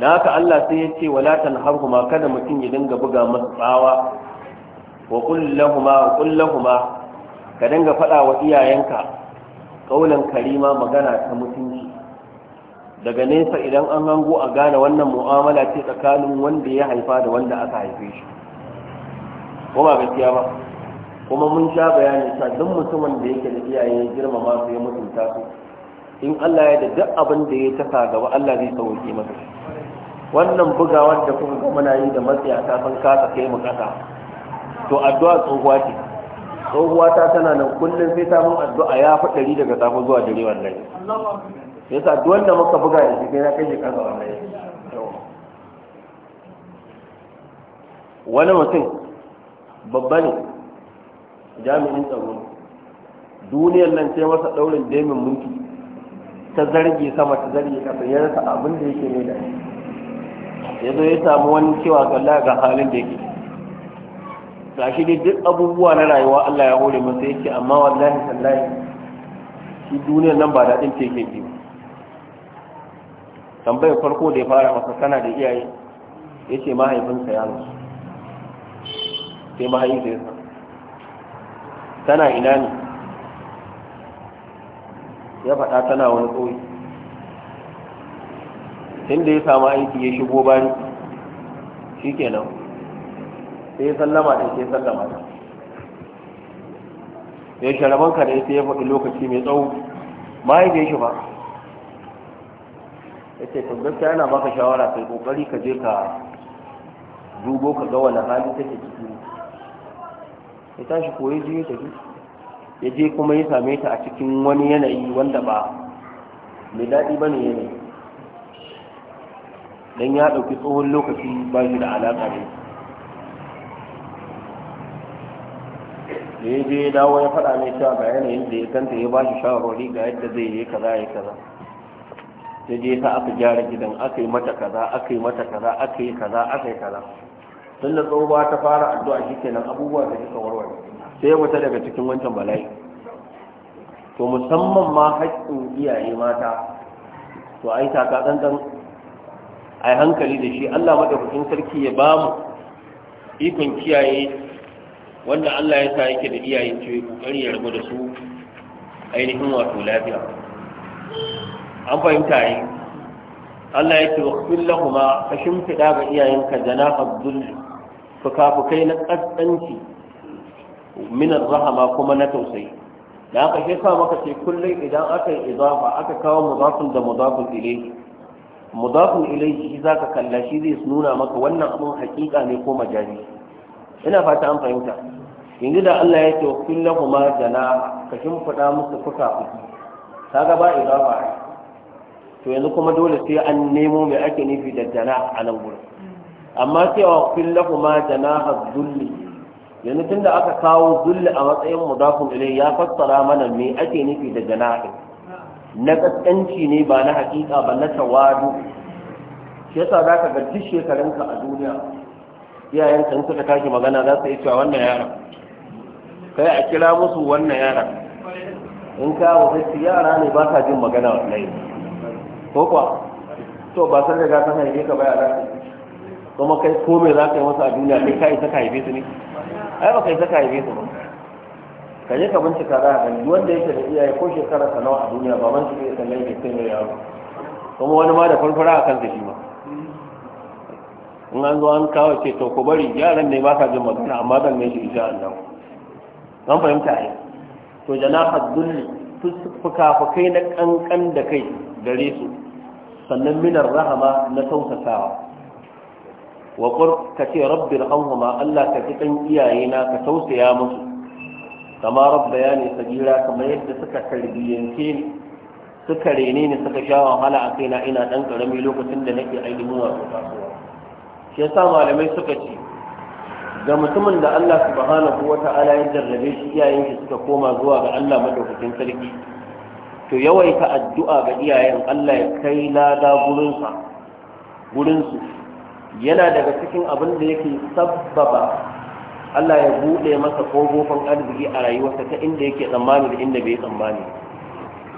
da haka Allah sai ya ce wala tanharhuma kada mutum ya dinga buga masu tsawa wa kullahuma kullahuma ka dinga faɗa wa iyayenka kaulan karima magana ta mutunci daga nesa idan an hango a gane wannan mu'amala ce tsakanin wanda ya haifa da wanda aka haife shi kuma gaskiya ba kuma mun sha bayani ta duk mutumin da yake da iyaye girmama su ya mutunta su in Allah ya da duk abin da ya tasa gaba Allah zai sauke masa wannan bugawar da kuka muna yi da matsiya ta san kasa kai mu kasa to addu'a tsohuwa ce tsohuwata tana nan kullum sai ta mun addu'a ya fi ɗari daga safe zuwa dare wannan yasa duk wanda muka buga da shi sai na kai shi kansa wannan wani mutum babba ne jami'in tsaro duniyar nan sai masa ɗaurin demin mulki ta zarge sama ta zarge kasa ya rasa abin da yake ne da ya zo ya samu wani cewa ga halin da yake gashi dai duk abubuwa na rayuwa Allah ya hore masa yake amma wallahi sallahi shi duniyar nan ba daɗin ce yake ji tambayar farko da ya fara masa sana da iyaye ya ce mahaifinsa ya rasu sai mahaifinsa ya tana ina ne ya faɗa tana wani tsoyi tun da ya samu aiki ya shigo bari shi kenan sai ya sallama da sai sallama da ya sharaban ka da sai ya faɗi lokaci mai tsawo mahaifiyar shi ba ya ce to yana baka shawara sai kokari ka je ka dubo ka ga wani hali ta ke jiki. ya tashi koyi je ta bi? ya je kuma ya same ta a cikin wani yanayi wanda ba mai daɗi ba ne yanayi don ya ɗauki tsohon lokaci ba shi da alaƙa ne da ya je dawo ya faɗa mai cewa ga yanayin da ya kanta ya ba shi shawarwari ga yadda zai yi kaza ya kaza sai je ta aka gyara gidan aka yi mata kaza aka yi mata kaza aka yi kaza aka yi kaza tun da tsohuwa ta fara addu'a shi nan abubuwa da suka warware sai ya fita daga cikin wancan bala'i to musamman ma haƙƙin iyaye mata to ai taka ɗanɗan a hankali da shi allah maɗaukakin sarki ya ba mu ikon kiyaye wanda Allah ya sa yake da iyayen ce kokari ya rabu da su ainihin wato lafiya an fahimta yi Allah ya ce wa kafin lahuma ka shimfiɗa ga iyayenka jana abdul fukafukai na ƙasƙanci minar rahama kuma na tausayi da aka shi sa maka ce kullum idan aka yi izafa aka kawo mudafin da mudafin ilai mudafin ilai shi za ka kalla shi zai nuna maka wannan abin hakika ne ko majazi ina fata an fahimta yanzu da Allah ya ce kun lahu ma jana ka shimfiɗa musu fuka fuki ta ga ba idafa to yanzu kuma dole sai an nemo mai ake nufi da jana a nan gurin amma sai kun lahu ma jana hazzulli yanzu tunda aka kawo zulli a matsayin mudafun ilai ya fassara mana me ake nufi da jana na kaskanci ne ba na hakika ba na tawadu shi yasa zaka ga duk shekarunka a duniya iyayenka in suka tashi magana za su yi cewa wannan yaron kai a kira musu wannan yaran in ka wasu yara ne ba sa jin magana wallahi ko kuwa to ba san da ka haife ka baya za kuma kai ko me za ka yi masa a duniya kai ka isa ka haife su ne ai ba ka isa ka haife su ba ka je ka bincika za a gani wanda yake da iyaye ko shekara sa nawa a duniya baban shi ke sannan da kai mai yaro kuma wani ma da farfara a kansa shi ma in an zo an kawo ce to ku bari yaran ne ba sa jin magana amma zan mai shi insha Allah an fahimta ai to janaha dhulli fukafukai na kankan da kai gare su sannan minar rahama na tausasawa wa qur ka ce rabbi rahmahuma Allah ka fi kan iyaye na ka tausaya musu kama rabbayani sagira kamar yadda suka tarbiyance ni suka rene ni suka sha wahala a kaina ina dan karami lokacin da nake ainihin wato kasuwa shi sa malamai suka ce ga mutumin da Allah subhanahu wa ta'ala ya jarrabe shi iyayen shi suka koma zuwa ga Allah madaukakin sarki to yawaita addu'a ga iyayen Allah ya kai lada gurinsa gurinsu yana daga cikin abin da yake sabbaba Allah ya buɗe masa kofofin arziki a rayuwarsa ta inda yake tsammani da inda bai tsammani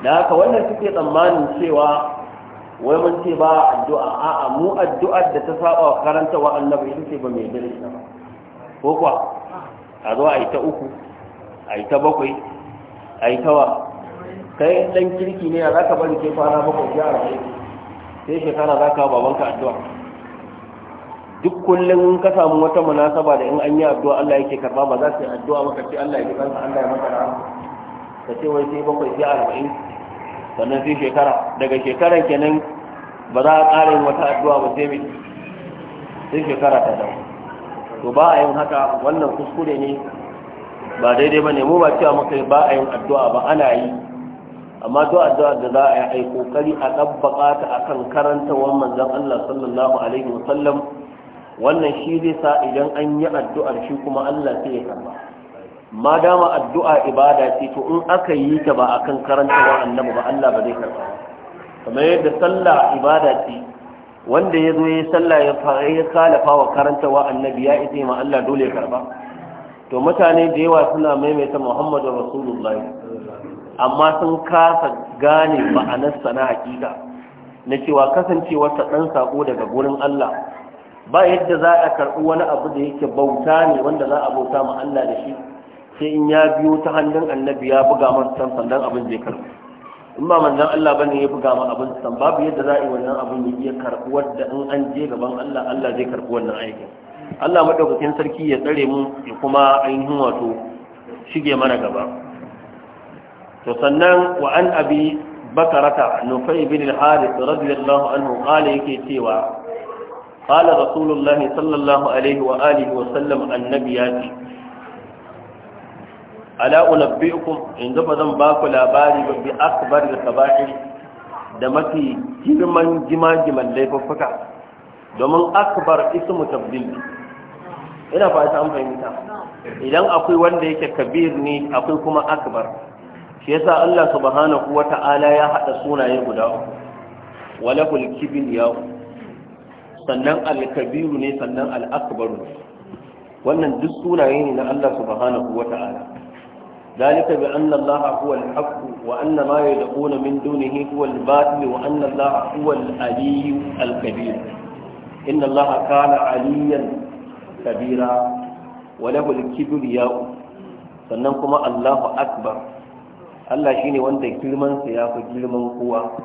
da haka wannan suke tsammanin cewa wai mun ce ba addu'a a'a mu addu'ar da ta saba wa karanta wa annabi ita ce ba mai dare ba ko kuwa a zo a yi ta uku a yi ta bakwai a yi tawa kai dan kirki ne a za ka bari ke kwana bakwai ya rabu sai shekara za ka ka addu'a duk kullum ka samu wata munasaba da in an yi addu'a Allah yake karba ba za ka yi addu'a maka ce Allah ya ji kansa Allah ya maka rahama ka ce wai sai bakwai sai arba'in sannan sai shekara daga shekaran kenan ba za a ƙara yin wata addu'a ba sai mai sai shekara ta dawo to ba a yin haka wannan kuskure ne ba daidai ba ne mu ba cewa muka ba a yin addu'a ba ana yi amma to addu'a da za a yi kokari a ɗabbaƙa ta akan karantawar manzon Allah sallallahu alaihi wasallam wannan shi zai sa idan an yi addu'ar shi kuma Allah sai ya karba ma dama addu'a ibada ce to in aka yi ta ba a akan karantawar annabu ba Allah ba zai karba kamar yadda sallah ibada ce wanda ya zo ya sallah ya kalafa wa karantawa annabi ya ita ma Allah dole ya karba to mutane da yawa suna maimaita Muhammadu Rasulullahi amma sun kasa gane ma'anar na hakika na cewa kasancewarsa ɗan sako daga gurin Allah ba yadda za a karɓi wani abu da yake bauta ne wanda za a bauta ma Allah da shi sai in ya biyo ta hannun annabi ya buga masa sandan abin zai karɓi in ba manzan Allah bane ya buga mu abin san babu yadda za a yi wannan abin ya iya karɓuwar da in an je gaban Allah Allah zai karɓi wannan aikin Allah madaukakin sarki ya tsare mu ya kuma ainihin wato shige mana gaba to sannan wa an abi bakarata nufai bin al-harith radiyallahu anhu qala yake cewa qala rasulullahi sallallahu alaihi wa alihi wa sallam annabiyati ala unabbi'ukum yanzu ba zan ba ku labari ba bi akbar da kaba'ir da mafi girman jimagiman laifuffuka domin akbar ismu tabdil ina fata an fahimta idan akwai wanda yake kabir ne akwai kuma akbar shi yasa Allah subhanahu wata'ala ya hada sunaye guda uku walakul kibriya sannan al-kabiru ne sannan al-akbaru wannan duk sunaye ne na Allah subhanahu wata'ala ذلك بأن الله هو الحق وأن ما يدعون من دونه هو الباطل وأن الله هو العلي الكبير إن الله كان عليا كبيرا وله الكبرياء sannan kuma Allahu akbar Allah shine wanda girmansa ya fi girman kowa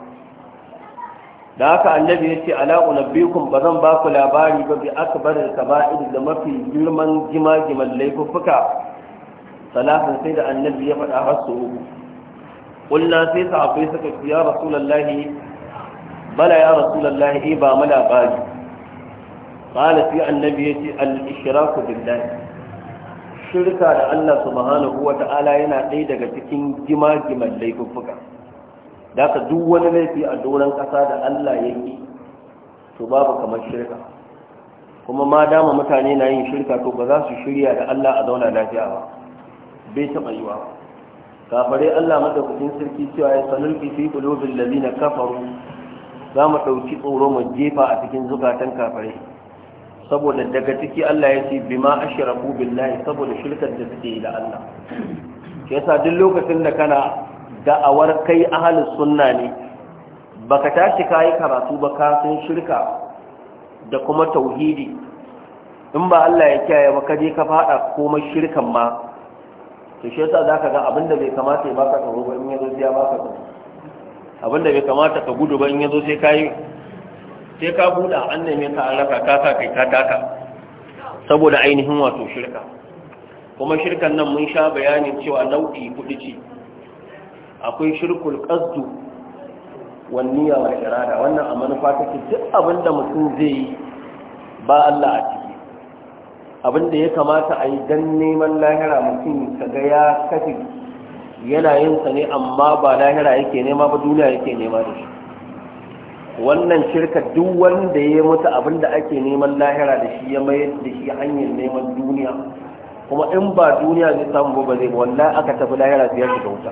da haka annabi ya ce ala unabbikum ba zan ba ku labari ba bi akbar al da mafi girman gima-giman laifuffuka Salahun sai da annabi ya faɗa har su uku ƙulla sai sahabbai suka ce ya rasulallahi bala ya rasulallahi eh ba mu labari qala sai annabi ya ce al-ishraku billahi shirka da Allah subhanahu wa ta'ala yana ɗaya daga cikin gima-giman laifuffuka da ka duk wani laifi a doron ƙasa da Allah ya yi to babu kamar shirka kuma ma dama mutane na yin shirka to ba za su shirya da Allah a zauna lafiya ba bai taɓa yiwa kafare Allah madaukakin sarki cewa ya sanulki fi qulubil ladina kafaru za mu ɗauki tsoro mu jefa a cikin zukatan kafare saboda daga ciki Allah ya ce bima ashraku billahi saboda shirkar da suke da Allah shi yasa duk lokacin da kana da'awar kai ahlus sunna ne baka tashi kai karatu ba ka san shirka da kuma tauhidi in ba Allah ya kiyaye ba ka je ka faɗa komai shirkan ma to shi yasa zaka ga abinda bai kamata ya baka tsaro ba in yazo sai ya baka Abin abinda bai kamata ka gudu ba in yazo sai ka yi? sai ka buɗa an neme ka an raka ka kai ka taka saboda ainihin wato shirka kuma shirkan nan mun sha bayanin cewa nau'i kuɗi ce akwai shirkul qasdu wan niyya wal irada wannan a manufa take duk abinda mutum zai yi ba Allah a ciki abin da ya kamata a yi don neman lahira mutum kaga ya kafi yana yin sa ne amma ba lahira yake nema ba duniya yake nema da shi wannan shirka duk wanda ya mutu abin da ake neman lahira da shi ya mayar da shi hanyar neman duniya kuma in ba duniya zai samu ba zai wallahi aka tafi lahira sai ya shiga wuta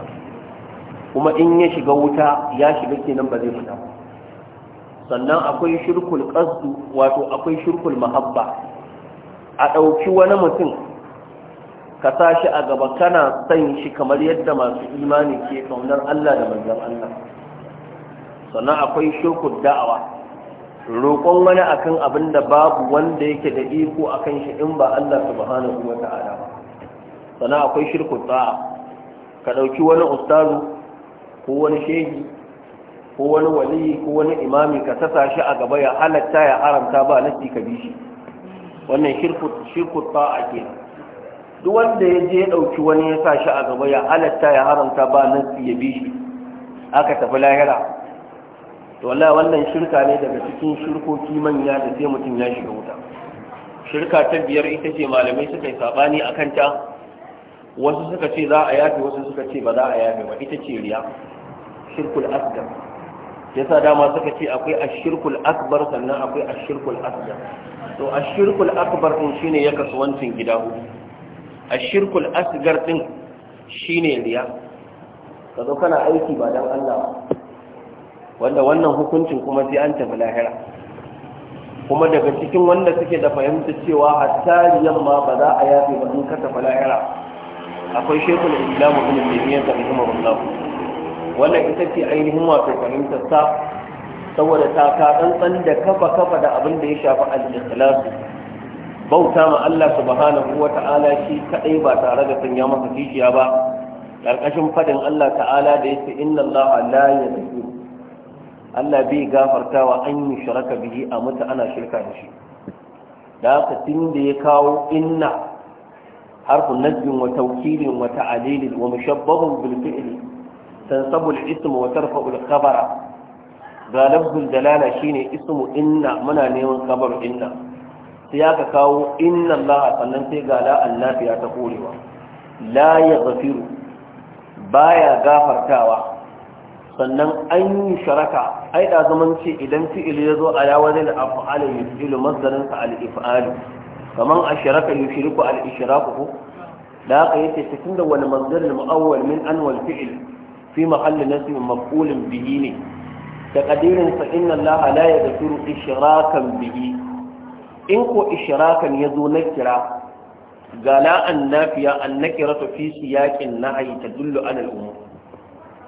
kuma in ya shiga wuta ya shiga kenan ba zai fita sannan akwai shirkul qasdu wato akwai shirkul mahabba a ɗauki wani mutum ka sa shi a gaba kana son shi kamar yadda masu imani ke kaunar Allah da manzan Allah sannan akwai shukur da'awa roƙon wani akan abin da babu wanda yake da iko akan shi in ba Allah subhanahu wa ta'ala ba sannan akwai shirkun ta'a ka ɗauki wani ustazu ko wani shehi ko wani wali ko wani imami ka sasa shi a gaba ya halatta ya haramta ba nasi ka bi shi wannan shirku ta'a ke duk wanda ya je ya ɗauki wani ya sa shi a gaba ya halatta ya haramta ba nan ya bi shi aka tafi lahira to wannan shirka ne daga cikin shirkoki manya da sai mutum ya shiga wuta shirka ta biyar ita ce malamai suka yi sabani a kanta wasu suka ce za a yafe wasu suka ce ba za a yafe ba ita ce riya shirkul asgar yasa dama suka ce akwai ashirkul asbar sannan akwai ashirkul asgar to a shirkul akbar din shine ya kasu wancin gida hudu asigar asgar din shine riya Ka kazo kana aiki ba don Allah wanda wannan hukuncin kuma sai an tafi lahira kuma daga cikin wanda suke da fahimta cewa hatta riyan ma ba za a yafe ba in ka tafi lahira akwai shekul islamu ibn taymiyyah rahimahullah wannan ita ce ainihin wato fahimtar sa saboda taka tsantsan da kafa kafa da abin da ya shafi al-ikhlasu bauta ma Allah subhanahu wa ta'ala shi kadai ba tare da sanya masa kishiya ba karkashin fadin Allah ta'ala da yace inna Allah la yaghfiru Allah bai gafartawa an yi shiraka bihi a mutu ana shirka da shi da haka tun da ya kawo inna harfun nasbin wa tawkilin wa ta'alilin wa mushabbahun bil fi'li tansabu al-ism wa tarfa'u al-khabara ga lafzul dalala shine ismu inna muna neman kabar inna sai aka kawo inna Allah sannan sai ga la annafiya ta korewa la yaghfiru baya gafartawa sannan an yi sharaka ai da zaman ce idan fi'ili ya zo a ya wajen af'ala yus'ilu masdarin sa al-if'al kaman asharaka yushriku al-ishraku da haka yace cikin da wani masdar al-mu'awwal min anwal fi'il fi mahalli nasb maf'ulin bihi ne da kadirin fa inna allaha la yaghfiru ishrakan bihi in ko ishrakan yazo na kira ga la annafiya annakiratu fi siyaqin nahyi tadullu ala al-umum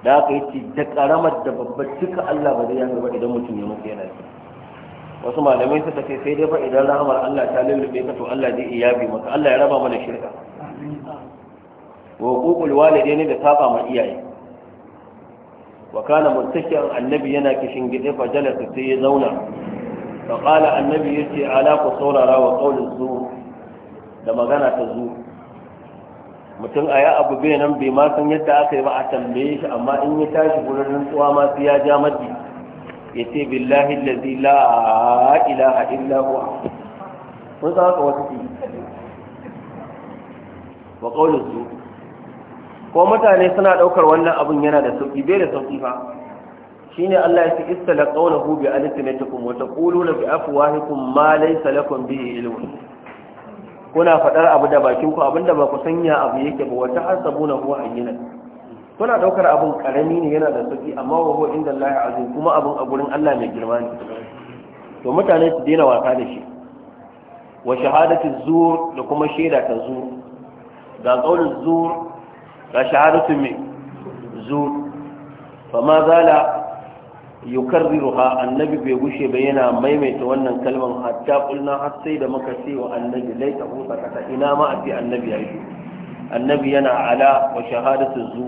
da aka yi da karamar da babbar duka Allah ba zai yafi ba idan mutum ya mutu yana wasu malamai suka ce sai dai fa idan rahamar Allah ta lullube ka to Allah zai iya bi maka Allah ya raba mana shirka wa huququl walidaini da saba ma iyaye wa kana muttaki'an annabi yana kishin gide fa jalasa sai ya zauna fa qala annabi yace ala ku saurara wa qawlin zu da magana ta zu mutum aya abu bai nan bai ma san yadda aka yi ba a tambaye shi amma in ya tashi gurin rantsuwa ma sai ya ja maddi yace billahi allazi la ilaha illa huwa kun san haka wata ce wa qawlin zu ko mutane suna daukar wannan abun yana da sauki bai da sauki fa shine Allah ya istala qawluhu bi alsinatikum wa taquluna bi afwahikum ma laysa lakum bihi ilmu. kuna fadar abu da bakin ku abinda ba ku sanya abu yake ba wata hasabuna huwa hayyinan kuna daukar abun karami ne yana da sauki amma wa huwa inda Allah azim kuma abun a gurin Allah mai girma ne to mutane su daina wasa da shi wa shahadatu zur da kuma shaida ta zur ga qaulul zur ga shahadatun mai zuwa fama zala yukarriruha annabi bai gushe bai yana maimaita wannan kalman hatta kulna har sai da maka ce wa annabi lai ta huta kasa ina ma a ce annabi ya yi annabi yana ala wa shahadatu zu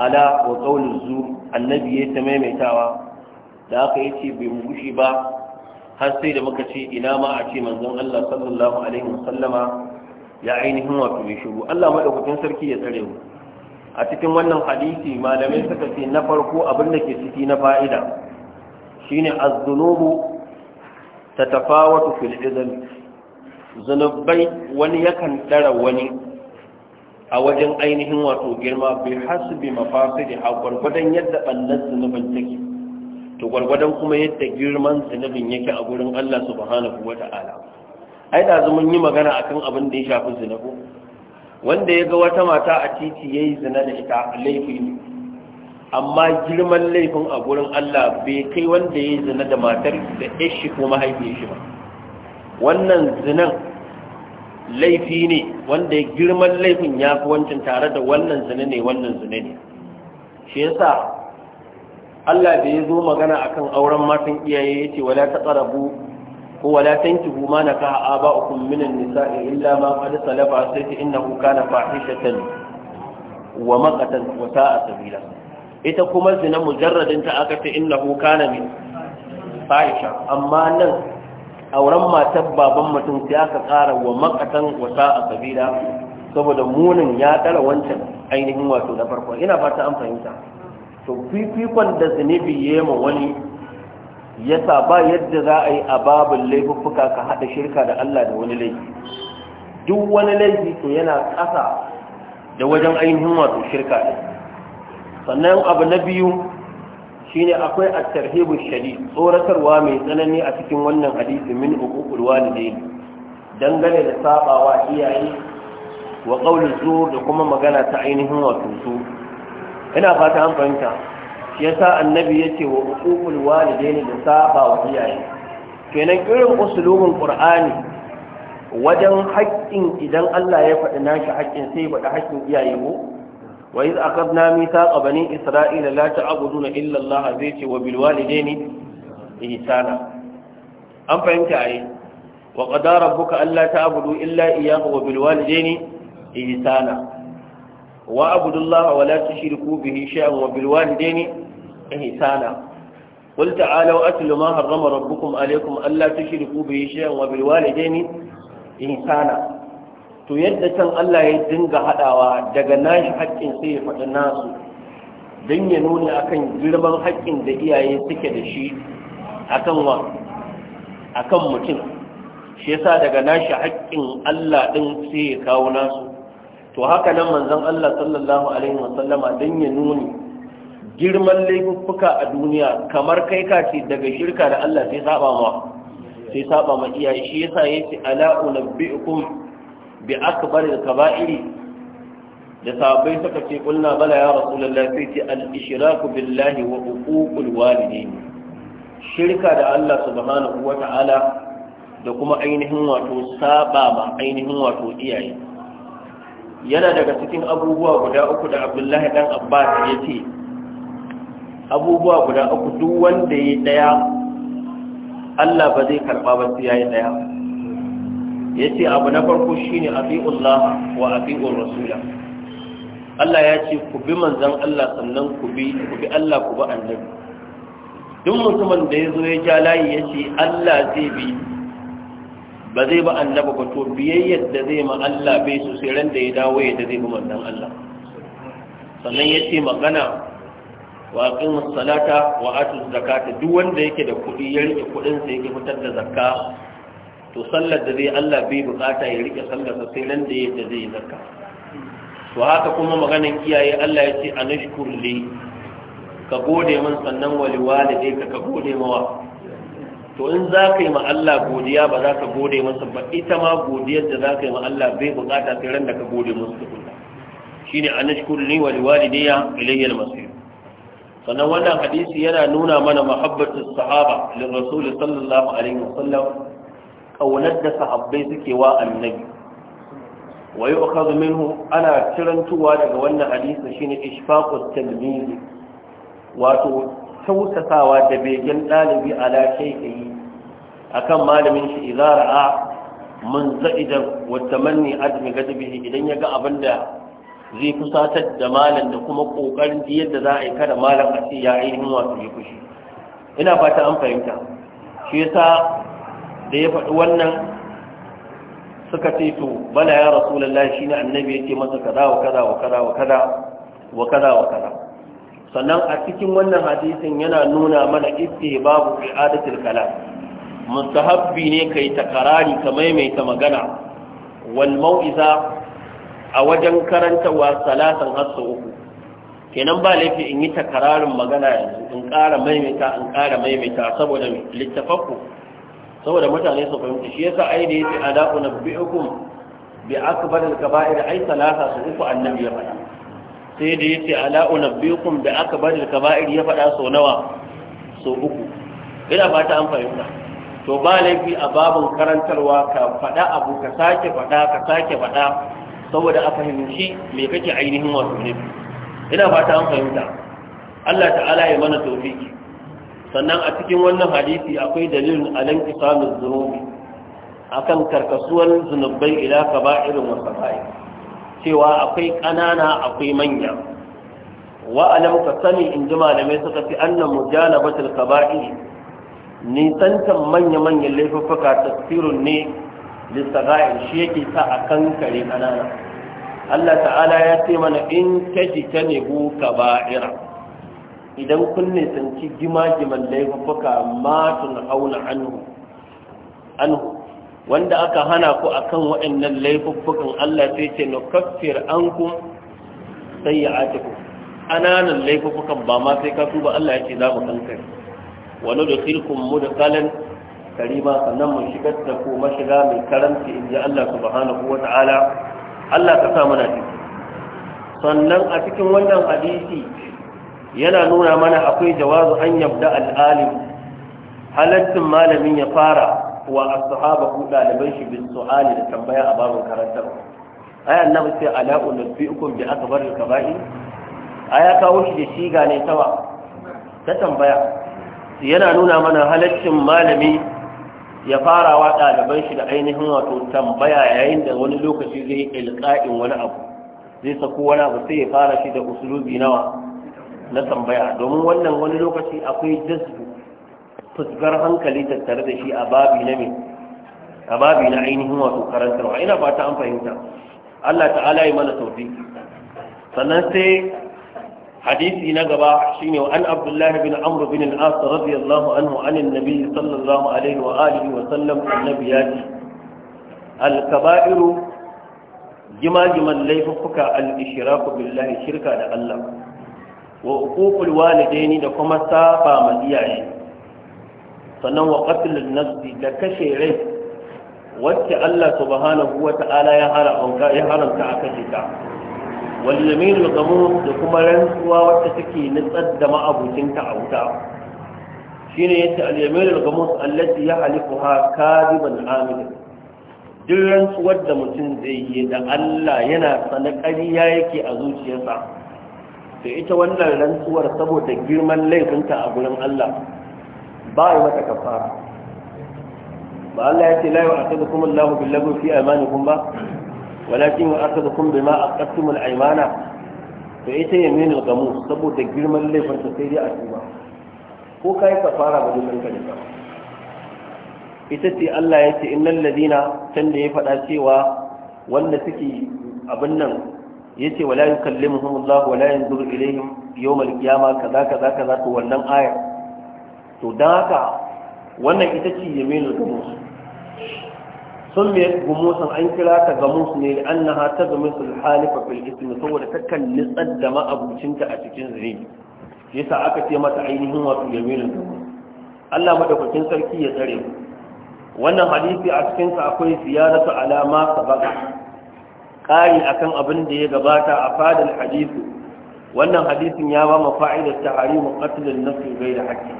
ala wa qawlu zu annabi ya ta maimaitawa da aka yi ce bai mu gushe ba har sai da maka ce ina ma a ce manzon Allah sallallahu alaihi wasallama ya ainihin wato ya shiru Allah madaukakin sarki ya tsare mu a cikin wannan hadisi malamai suka ce na farko abin da ke ciki na fa'ida shine az-zunubu tatafawatu fil izami zunubai wani yakan dara wani a wajen ainihin wato girma bai hasbi mafasiri a gwargwadon yadda ɓannan zunubin take to gwargwadon kuma yadda girman zunubin yake a gurin Allah subhanahu wata'ala ai da mun yi magana akan abin da ya shafi zina ko wanda ya ga wata mata a titi ya yi zina da ita laifi ne amma girman laifin a gurin Allah bai kai wanda ya yi zina da matar da ishi ko mahaifiyar shi ba wannan zinan laifi ne wanda girman laifin ya fi wancan tare da wannan zina ne wannan zina ne shi yasa Allah bai zo magana akan auren matan iyaye ya ce wala ta tsarabu ko wala tankihu ma ba aba'ukum min an-nisa'i illa ma qad salafa sai innahu kana fahishatan wa maqatan wa sa'a sabila ita kuma zina mujarradin ta aka ce innahu kana min fahisha amma nan auren matar baban mutum sai aka ƙara wa a saboda munin ya ɗara wancan ainihin wato na farko ina fata an fahimta to fifikon da zunubi ya yi ma wani yasa ba yadda za a yi a babin laifuka ka haɗa shirka da Allah da wani laifi duk wani laifi to yana ƙasa da wajen ainihin wato shirka ɗin sannan abu na biyu shine akwai a tarhibu shadi tsoratarwa mai tsanani a cikin wannan hadisi min uququl ne dangane da sabawa iyaye wa ƙaunin zuwa da kuma magana ta ainihin wato su ina fata an fahimta sa annabi ya ce wa uqul walidaini da saba wa iyaye kenan irin usulubin qur'ani wajen haƙƙin idan Allah ya faɗi nashi haƙƙin sai ya faɗi haƙƙin iyaye ko wa iz aqadna mithaqa bani isra'ila la ta'buduna illa Allah zai ce wa bil walidaini ihsana an fahimta ayi wa qada rabbuka alla ta'budu illa iyyahu wa bil walidaini ihsana wa abudullaha wa la tushriku bihi shay'an wa bil walidaini ihsana قل تعالوا أتل ما حرم ربكم عليكم ألا تشركوا به شيئا وبالوالدين إنسانا to yadda can Allah ya dinga haɗawa daga nashi haƙƙin sai ya faɗi nasu don ya nuna akan girman haƙƙin da iyaye suke da shi akan mutum shi yasa daga nashi haƙƙin Allah ɗin sai ya kawo nasu to haka na manzon Allah sallallahu alaihi wasallama ya nuni girman laifuka a duniya kamar kai ka daga shirka da Allah sai saba ma sai saba ma iyaye shi yasa yace ala unabbiukum bi akbaril kaba'iri da sabai suka ce kullana bala ya rasulullah sai ce al ishraku billahi wa uququl walidain shirka da Allah subhanahu wata'ala da kuma ainihin wato saba ma ainihin wato iyaye yana daga cikin abubuwa guda uku da Abdullahi dan Abbas yace abubuwa guda uku duk wanda ya daya Allah ba zai karba ba sai yayi daya yace abu na farko shine atiullah wa atiur rasula Allah ya ce ku bi manzon Allah sannan ku bi ku bi Allah ku bi annabi duk mutumin da yazo ya ja layi yace Allah zai bi ba zai ba annaba ba to biyayyar da zai ma Allah bai su sai ran da ya dawo ya da zai bi manzon Allah sannan yace magana wa aqimu salata wa atu zakata duk wanda yake da kuɗi ya rike kuɗin sa yake fitar da zakka to sallar da zai Allah bai bukata ya rike sallar sa sai nan da yake zai zakka to haka kuma maganar kiyaye Allah ya ce anashkur li ka gode min sannan wali walidai ka ka gode mawa to in za ka yi ma Allah godiya ba za ka gode masa ba ita ma godiyar da za ka yi ma Allah bai bukata sai ran da ka gode masa tukunna shine an shukuru wali wa ya ilayya al-masir sannan wannan hadisi yana nuna mana mahabbatu sahaba lil rasul sallallahu alaihi wasallam kaunar da sahabbai suke wa annabi wa yu'khadhu minhu ana tirantuwa daga wannan hadisi shine ishfaqut tilmizi wato tausasawa da begen dalibi ala shaykhi akan malamin shi idza a mun za'idan wa tamanni admi gadabihi idan yaga abinda zai kusatar da malam da kuma kokarin ji yadda za a yi kada malam a ce ya ainihin wasu ya kushi ina fata an fahimta shi yasa da ya faɗi wannan suka ce to bala ya rasulullahi shine annabi yake masa kaza wa kaza wa kaza wa kaza wa kaza wa kaza sannan a cikin wannan hadisin yana nuna mana babu i'adatul kalam mustahabbi ne kai ta karari ka maimaita magana wal mau'iza a wajen karantawa salatan hasso uku kenan ba laifi in yi takararin magana yanzu in ƙara maimaita in ƙara maimaita saboda littafafu saboda mutane su fahimci shi yasa ai da yace adaku na bi akbar al-kaba'ir ai salasa su uku annabi ya faɗa sai da yace ala nabbi'ukum bi akbar al-kaba'ir ya faɗa so nawa so uku ina fata an fahimta to ba laifi a babun karantarwa ka faɗa abu ka sake faɗa ka sake faɗa saboda a fahimci me kake ainihin wasu ne ina fata an fahimta Allah ta'ala ya mana tawfiki sannan a cikin wannan hadisi akwai dalilin alan kisamul zunubi akan karkasuwan zunubai ila irin wasu sabai cewa akwai ƙanana akwai manya wa alam ka sani in ji malamai suka fi annan mujalabatul kaba'ir nisantan manya-manyan laifuffuka tafsirun ne lissaga'ir shi yake sa a kankare kanana Allah ta'ala ya ce mana in kaji ta nebu kaba'ira idan kun nisanci gima-giman laifuka matun hauna anhu wanda aka hana ku akan waɗannan laifukan Allah sai ce na kafir an ku sai ya ake ku Ananan laifukan ba ma sai ka tuba Allah ya ce za mu kankare wani da sirkun mu da kalan karima sannan mu shigar da ku mashiga mai karamci in ji Allah subhanahu wa ta'ala Allah ka sa mana ciki sannan a cikin wannan hadisi yana nuna mana akwai jawazu an yabda al'alim halattin malamin ya fara wa as-sahaba ku daliban shi bin su'ali da tambaya a babin karantarwa ai annabi sai ala unabbiukum bi akbar al-kaba'i aya kawo shi da shiga ne tawa ta tambaya yana nuna mana halaccin malami ya fara wa ɗaliban shi da ainihin wato tambaya yayin da wani lokaci zai ilka'in wani abu zai sako wani abu sai ya fara shi da usulubi nawa na tambaya domin wannan wani lokaci akwai jazbu fuskar hankali tattare da shi a babi na a babi na ainihin wato karantarwa ina fata an fahimta Allah ta'ala ya mana tawfiq sannan sai hadisi na gaba shine an abdullah bin amr bin al-as radiyallahu anhu an annabi sallallahu alaihi wa alihi wa sallam annabi ya ce al-kaba'iru jima-jiman laifuffuka al-ishraku shirka da Allah wa uququl walidaini da kuma saba ma iyaye sannan wa qatlun nafsi da kashe rai wacce Allah subhanahu wata'ala ya haramta ya haramta a kashe ta wal yaminul da kuma rantsuwa wacce take nutsar da ma'abucinta a wuta shine yace al yaminul ya allati yahlifuha kadiban amil duk rantsuwar da mutum zai yi da Allah yana sanar ƙarya yake a zuciyarsa to ita wannan rantsuwar saboda girman laifinta a gurin Allah ba yi mata kafara ba Allah ya ce la yu'aqibukum Allahu bil-lagwi fi kun ba walakin ma bima aqadtum al-aymana to ita yamin al-gamu saboda girman laifin ta sai dai a ko kai ka fara ba dukkan ka da ita ce Allah ya ce innal ladina can da ya faɗa cewa wanda suke abin nan yace wala yukallimuhum Allah wala yanzuru ilaihim kaza kaza kaza to wannan ayar to haka wannan ita ce yamin gamu summiyat gumusan an kira ta gamus ne annaha ta su halifa fil ismi saboda ta nitsar da ma'abucinta a cikin zunubi sa aka ce mata ainihin wato yaminin gamus Allah madaukakin sarki ya tsare mu wannan hadisi a cikin sa akwai ziyaratu alama sabaga kari akan abin da ya gabata a fadar hadisi wannan hadisin ya ba mu fa'idar tahrimu asalin an-nafs ghayr haqqi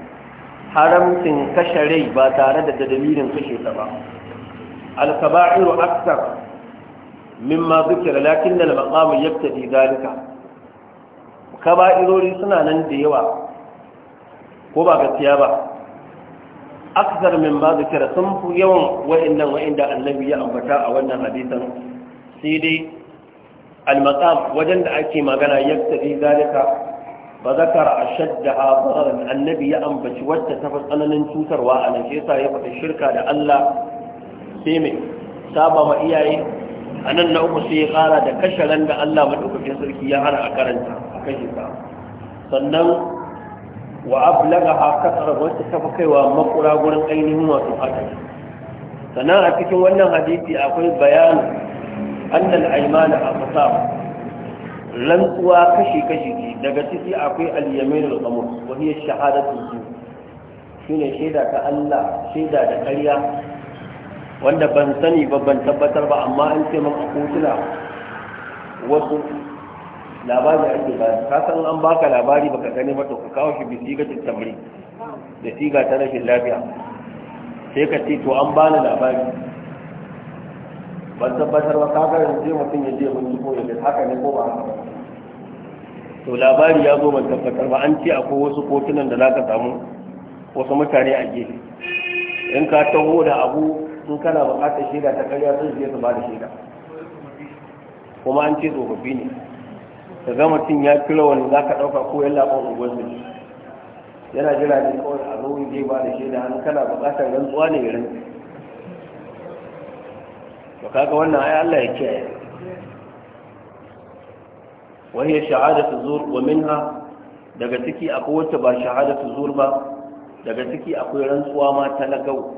haramcin kashe rai ba tare da dalilin kashe ta ba al-kaba'iru akthar mimma zikira lakin da maqamu yaktadi zalika kaba'irori suna nan da yawa ko ba gaskiya ba aksar min ma zikira sun fi yawan wa'annan wa'anda annabi ya ambata a wannan hadisan sai dai al wajen da ake magana yaktadi zalika ba zakara annabi ya ambaci wacce ta fi tsananin cutarwa a nan shi ya faɗi shirka da Allah sai mai saba ma iyaye a nan na uku sai ya kara da kasharan da Allah maɗaukakin sarki ya hana a karanta a kashe ta sannan wa ablaga ha kasar wacce ta fi kaiwa makura gurin ainihin wasu hadari sannan a cikin wannan hadisi akwai bayanu annal aimana a fasa rantsuwa kashi-kashi ne daga ciki akwai da rukamu wani wa hiya shahadatu shine shaida ta Allah shaida da karya. wanda ban sani ba ban tabbatar ba amma an ce min a kotuna wasu labari ake ba ka san an baka labari baka gani ba to ka kawo shi bisi ga tamri da siga ta rashin lafiya sai ka ce to an bani labari ban tabbatar ba ka ga yanzu mutum ya je ko ya haka ne ko ba haka ba to labari ya zo ban tabbatar ba an ce akwai wasu kotunan da za ka samu wasu mutane a gefe in ka taho da abu in kana buƙatar shaida ta karya sun je su ba da shaida kuma an ce tsofaffi ne ka gama mutum ya fi wani za ka ɗauka ko yalla ko unguwar ne yana jira ne kawai a zo je ba da shaida an kana buƙatar rantsuwa ne ya rantsu to kaga wannan ai Allah ya kiyaye wa hiya shahadatu zur wa minha daga ciki akwai wata ba shahadatu zur ba daga ciki akwai rantsuwa ma talagau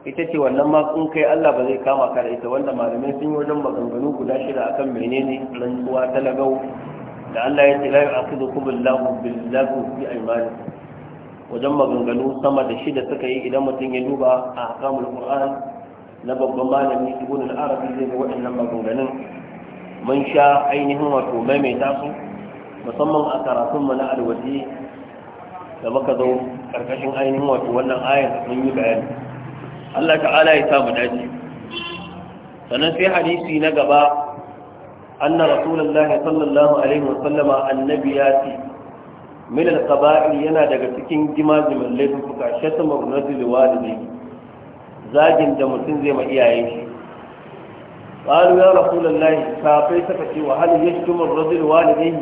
ita ce wannan ma kun kai Allah ba zai kama ka da ita wanda malamai sun yi wajen maganganu guda shida akan menene nan rantsuwa talagau da Allah ya ce la yu'akhidhukum Allahu bil lagwi fi aymanikum wajen maganganu sama da shida suka yi idan mutum ya duba a hakamul Qur'an na babban malami Ibn al-Arabi zai ga waɗannan maganganun mun sha ainihin wato maimaita su musamman a karatunmu na alwaji da muka zo ƙarƙashin ainihin wato wannan ayar mun yi bayani Allah ta'ala ya samu dace Sanan sai hadisi na gaba anna rasulullahi sallallahu alaihi wa sallama annabi ya ce min al-qaba'il yana daga cikin gimazimin laifuka shatama rajul walidai zagin da mutum zai ma iyayen shi qalu ya rasulullahi kafai saka ce wa hal yashtumu rajul walidai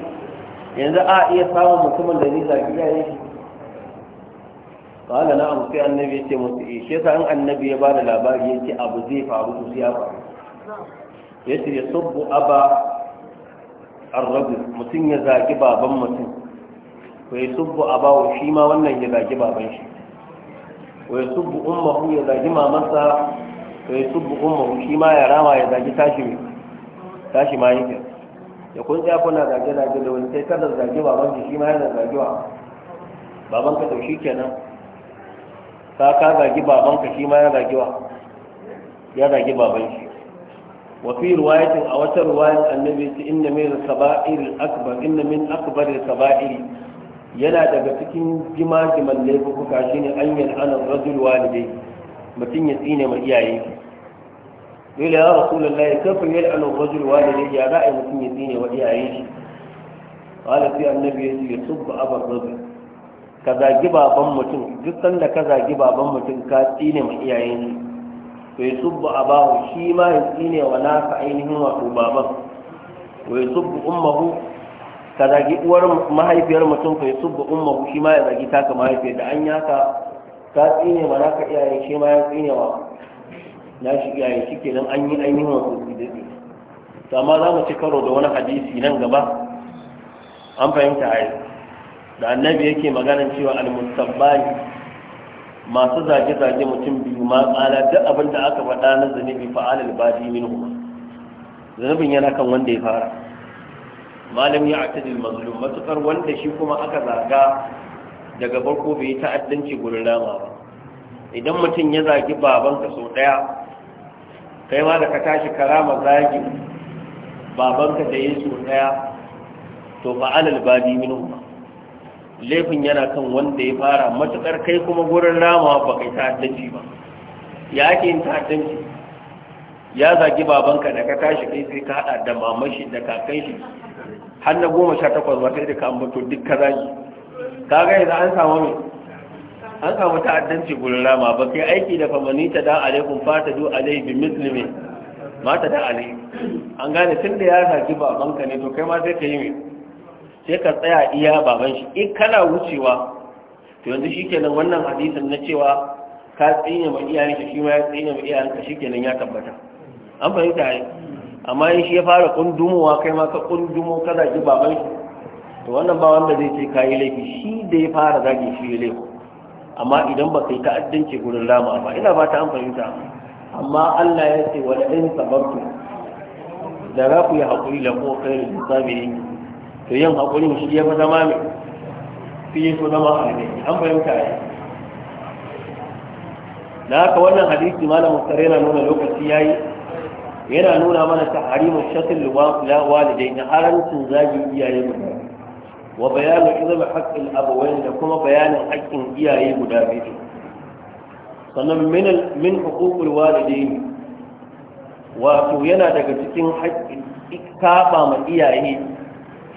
yanzu a iya samun mutumin da ni zagi iyayen shi قال na'am sai annabi ya ce musu eh shi yasa in annabi ya bada labari ya ce abu zai faru to sai ya faru yace yasubbu aba ar-rajul mutum wannan ya zaki baban shi ويصب امه ummahu ya مامسا ويصب امه subbu ummahu shi ma ya rama ya tashi ma yake ya kun tsaya kuna zage zage da wani sai kada zage baban shi ma yana zagewa baban ka to shikenan ka ka zagi babanka shi ma ya zagi wa ya zagi baban shi wa fi riwayatin a wata riwayar annabi ce inna min al akbar inna min akbar al yana daga cikin jimajiman laifuka shine an ana rajul walidai mutum ya tsine ma iyaye dole ya rasulullahi kafa ana rajul walidai ya ra'ayi mutum ya tsine wa iyaye shi qala sai annabi ya ce abar rajul ka zagi baban mutum duk sanda ka zagi baban mutum ka tsine ma iyayen shi to ya subbu bahu shi ma ya tsine wa naka ainihin wato baban to ya subbu ummahu ka zagi uwar mahaifiyar mutum ka ya subbu ummahu shi ma ya zagi taka mahaifiyar da an yaka ka tsine ma naka iyayen shi ma ya tsine wa na shi iyayen shi kenan an yi ainihin wato bidai to amma za mu ci karo da wani hadisi nan gaba an fahimta a yi. da annabi yake maganan cewa almustabbani masu zage-zage mutum biyu ma tsala duk abin aka faɗa na zanibi fa'al albadi badi huma zanibin yana kan wanda ya fara malam ya al mazlum matukar wanda shi kuma aka zaga daga barko bai ta'addanci gurin rama ba idan mutum ya zagi babanka sau ɗaya kai ma da ka tashi karama zagi babanka da ya sau ɗaya to fa'al albadi badi huma laifin yana kan wanda ya fara matuƙar kai kuma gurin rama ba kai ta'addanci ba ya ake yin ta'addanci ya zagi babanka da ka tashi kai sai ka haɗa da mamashi da kakan shi har na goma sha takwas ba sai da ka ambato duk ka zagi ka ga yanzu an samu mai an samu ta'addanci gurin rama ba kai aiki da famani ta da alaikum fata du alaihi bi muslimin mata da alaihi an gane tun da ya zagi babanka ne to kai ma sai ka yi mai sai ka tsaya iya baban shi in kana wucewa to yanzu shikenan wannan hadisin na cewa ka tsine ma iyayen shi shi ma ya tsine ma iyayen ka shikenan ya tabbata an fahimta ai amma in shi ya fara kundumowa kai ma ka kundumo ka ji baban shi to wannan ba wanda zai ce kayi laifi shi da ya fara zagi shi ya laifi amma idan ba kai ta'addanci gurin lama ba ina ba ta an fahimta amma Allah ya ce wa in sabartu da za ku yi haƙuri lafo kai da sabiri to yin haƙurin shi ya fi zama mai fi yi su zama alheri an fahimta ya na haka wannan hadisi malam mustare yana nuna lokaci ya yi yana nuna mana ta harimun shatin walidai na harancin zagi iyaye guda wa bayanin izama haƙƙin abuwain da kuma bayanin haƙƙin iyaye guda biyu sannan min hukukul walidai wato yana daga cikin haƙƙin kaɓa ma iyaye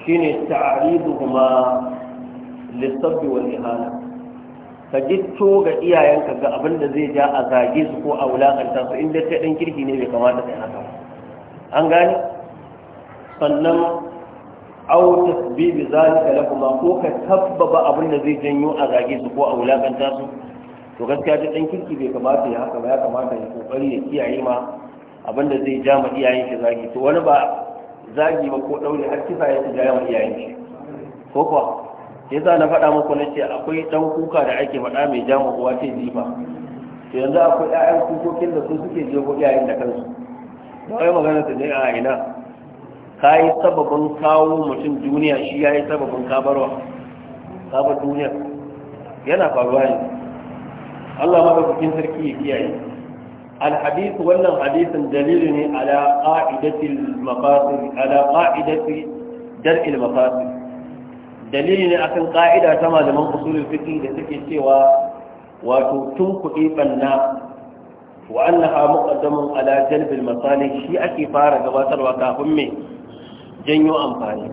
shine ta'ariduhuma lisabbi wal ihana ka gitto ga iyayenka ga abin da zai ja a zage su ko a wulakanta su inda ta ɗan kirki ne bai kamata kai haka an gane sannan aw tasbibi zalika lakuma ko ka tabbaba abin da zai janyo a zage su ko a wulakanta su to gaskiya ta ɗan kirki bai kamata ya haka ba ya kamata ya kokari ya kiyaye ma abin da zai ja ma iyayen shi zage to wani ba zagi ba ko ɗaure har kisa ya shiga yawan iyayen shi ko kuwa yasa na faɗa muku na ce akwai ɗan kuka da ake faɗa mai jama uwa ce jifa to yanzu akwai ƴaƴan kukokin da su suke je ko iyayen da kansu da wai magana ta dai a ina ka yi sababin kawo mutum duniya shi ya yi sababin kabarwa kabar duniya yana faruwa ne Allah madaukakin sarki ya kiyaye الحديث ولا حديث دليل على قاعدة المقاصد على قاعدة درء المقاصد دليل أكن قاعدة كما لمن أصول الفقه لتكي سوى وتنقئ فنا وأنها مقدم على جلب المصالح شيء أكي فارق واتر وكافمي janyo amfani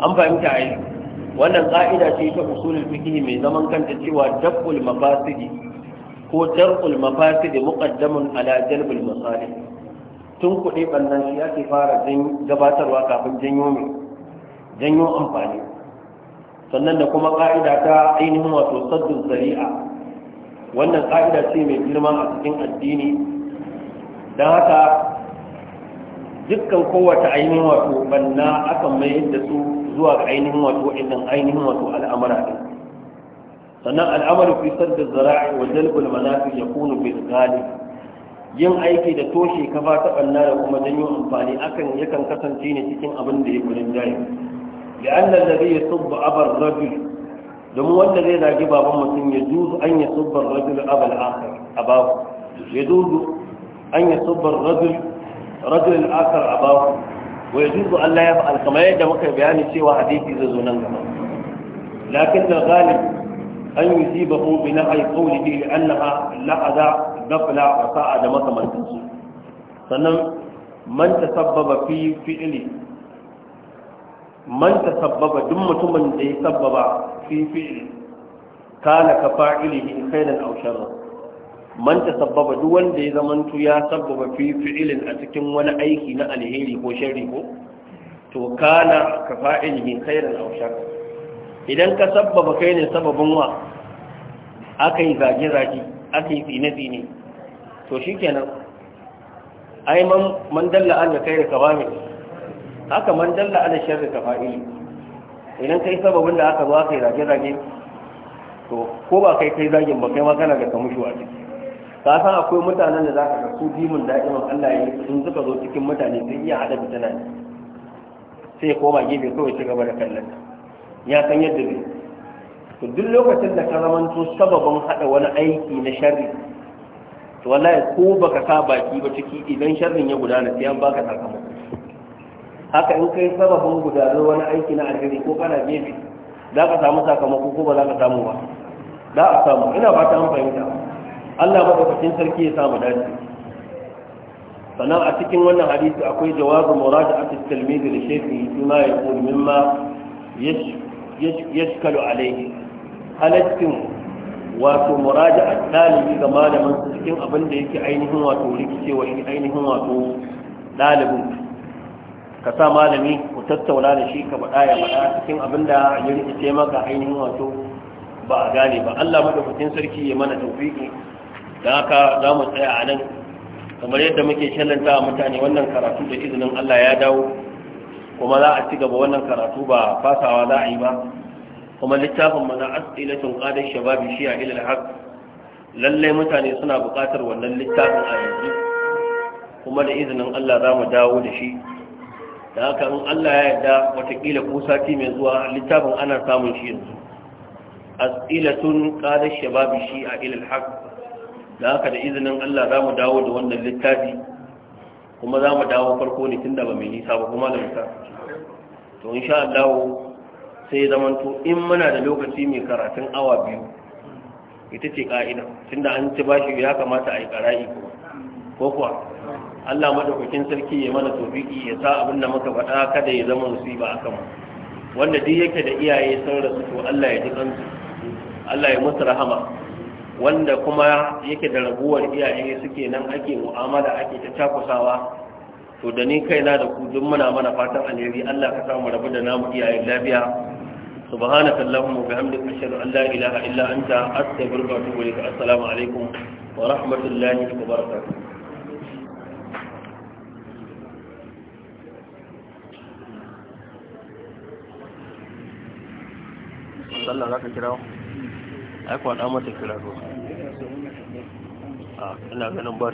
an fahimta a wannan ƙa'ida ce ta usulul fiqh mai zaman kanta cewa dabbul mafasidi ko dar'ul mafasid muqaddamun ala jalbul masalih tun kuɗi ɓannan shi ake fara gabatarwa kafin janyo mai janyo amfani sannan da kuma ƙa'ida ta ainihin wato saddun zari'a wannan ƙa'ida ce mai girma a cikin addini don haka dukkan kowace ainihin wato banna akan mai da su zuwa ga ainihin wato innan ainihin wato al'amura ɗin sannan al'amarin fi da zara'i wa jalbul manafi ya kunu bil galib yin aiki da toshe kafa ta banna da kuma janyo amfani akan yakan kasance ne cikin abin da ya gudun jayi لأن الذي يصب abar rajul? domin wanda zai zagi baban mutum ya juzu an ya subbar rajul abal akhar abahu ya juzu an ya subbar rajul rajul akhar abahu wa ya juzu Allah ya fa'al kamar yadda muka bayani cewa hadisi zai zo nan gaba lakin da galib an yi yusibahu bi nahyi qawlihi li annaha la'aza ghafla wa sa'a da makamantansu sannan manta tasabbaba fi fi'li manta tasabbaba duk mutumin da ya sabbaba fi ka na ka fa'ilihi khairan aw sharran Manta tasabbaba duk wanda ya zamantu ya sabbaba fi fi'lin a cikin wani aiki na alheri ko sharri ko to kana ka fa'ilihi khairan aw sharran idan ka sabbaba kai ne sababin wa aka yi zage-zage aka yi tsine-tsine to shi kenan ai man dalla an da kai da kaba haka man dalla an da shar da kafa'ili idan kai sababin da aka zo aka yi zage-zage to ko ba kai kai zagin ba kai magana da kamushi wa ciki ka san akwai mutanen da za ka ga su dimin da'iman Allah ya yi sun suka zo cikin mutane sun iya haɗa fitina sai koma gefe kawai ci gaba da kallon ya san yadda ne to duk lokacin da ka zamanto sababin haɗa wani aiki na sharri to wallahi ko baka sa baki ba ciki idan sharrin ya gudana sai an baka sakamako haka in kai sababin gudanar wani aiki na alheri ko kana gefe za ka samu sakamako ko ba za ka samu ba za a samu ina ba ta fahimta Allah madaukakin sarki ya samu dace sannan a cikin wannan hadisi akwai jawabin murajaatul at-tilmidi li shaykhi fi ma yaqul mimma yashfu yashkalu alaihi halaccin wato a dalibi ga malamin cikin abin da yake ainihin wato rikicewa shi ainihin wato dalibin ka sa malami ku tattauna da shi ka faɗa ya faɗa cikin abin da ya rikice maka ainihin wato ba a gane ba Allah madaukakin sarki ya mana tawfiki da haka za mu tsaya a nan kamar yadda muke shallanta mutane wannan karatu da izinin Allah ya dawo kuma za a ci gaba wannan karatu ba fasawa za a yi ba kuma littafin mana asilatun qadar shababi shi a al-haq Lallai mutane suna buƙatar wannan littafin a yanzu kuma da izinin Allah za mu dawo da shi da haka in Allah ya yarda watakila ko sati mai zuwa littafin ana samun shi yanzu asilatun qadar shababi shi a al-haq da haka da izinin Allah za mu dawo da wannan littafin. kuma za mu dawo farko ne tun da ba mai nisa ba kuma da mutu to in sha Allah sai zamanto in muna da lokaci mai karatun awa biyu ita ce ka'ida tun da an ci bashi ya kamata a yi kara'i ko kuwa Allah madaukakin sarki ya mana tofiki ya sa abin da muka faɗa kada ya zama musiba a kanmu wanda duk yake da iyaye sun rasu to Allah ya ji kansu Allah ya musu rahama wanda kuma yake da raguwar iyaye suke nan ake mu'amala ake ta cakusawa to da ni kaina da ku duk muna mana fatan alheri Allah ka samu rabu da namu iyayen lafiya subhanaka allahumma wa bihamdika ashhadu an la ilaha illa anta astaghfiruka wa atubu assalamu alaikum wa rahmatullahi wa barakatuh sallah za kira ai da mata kira Ah, ina ganin ba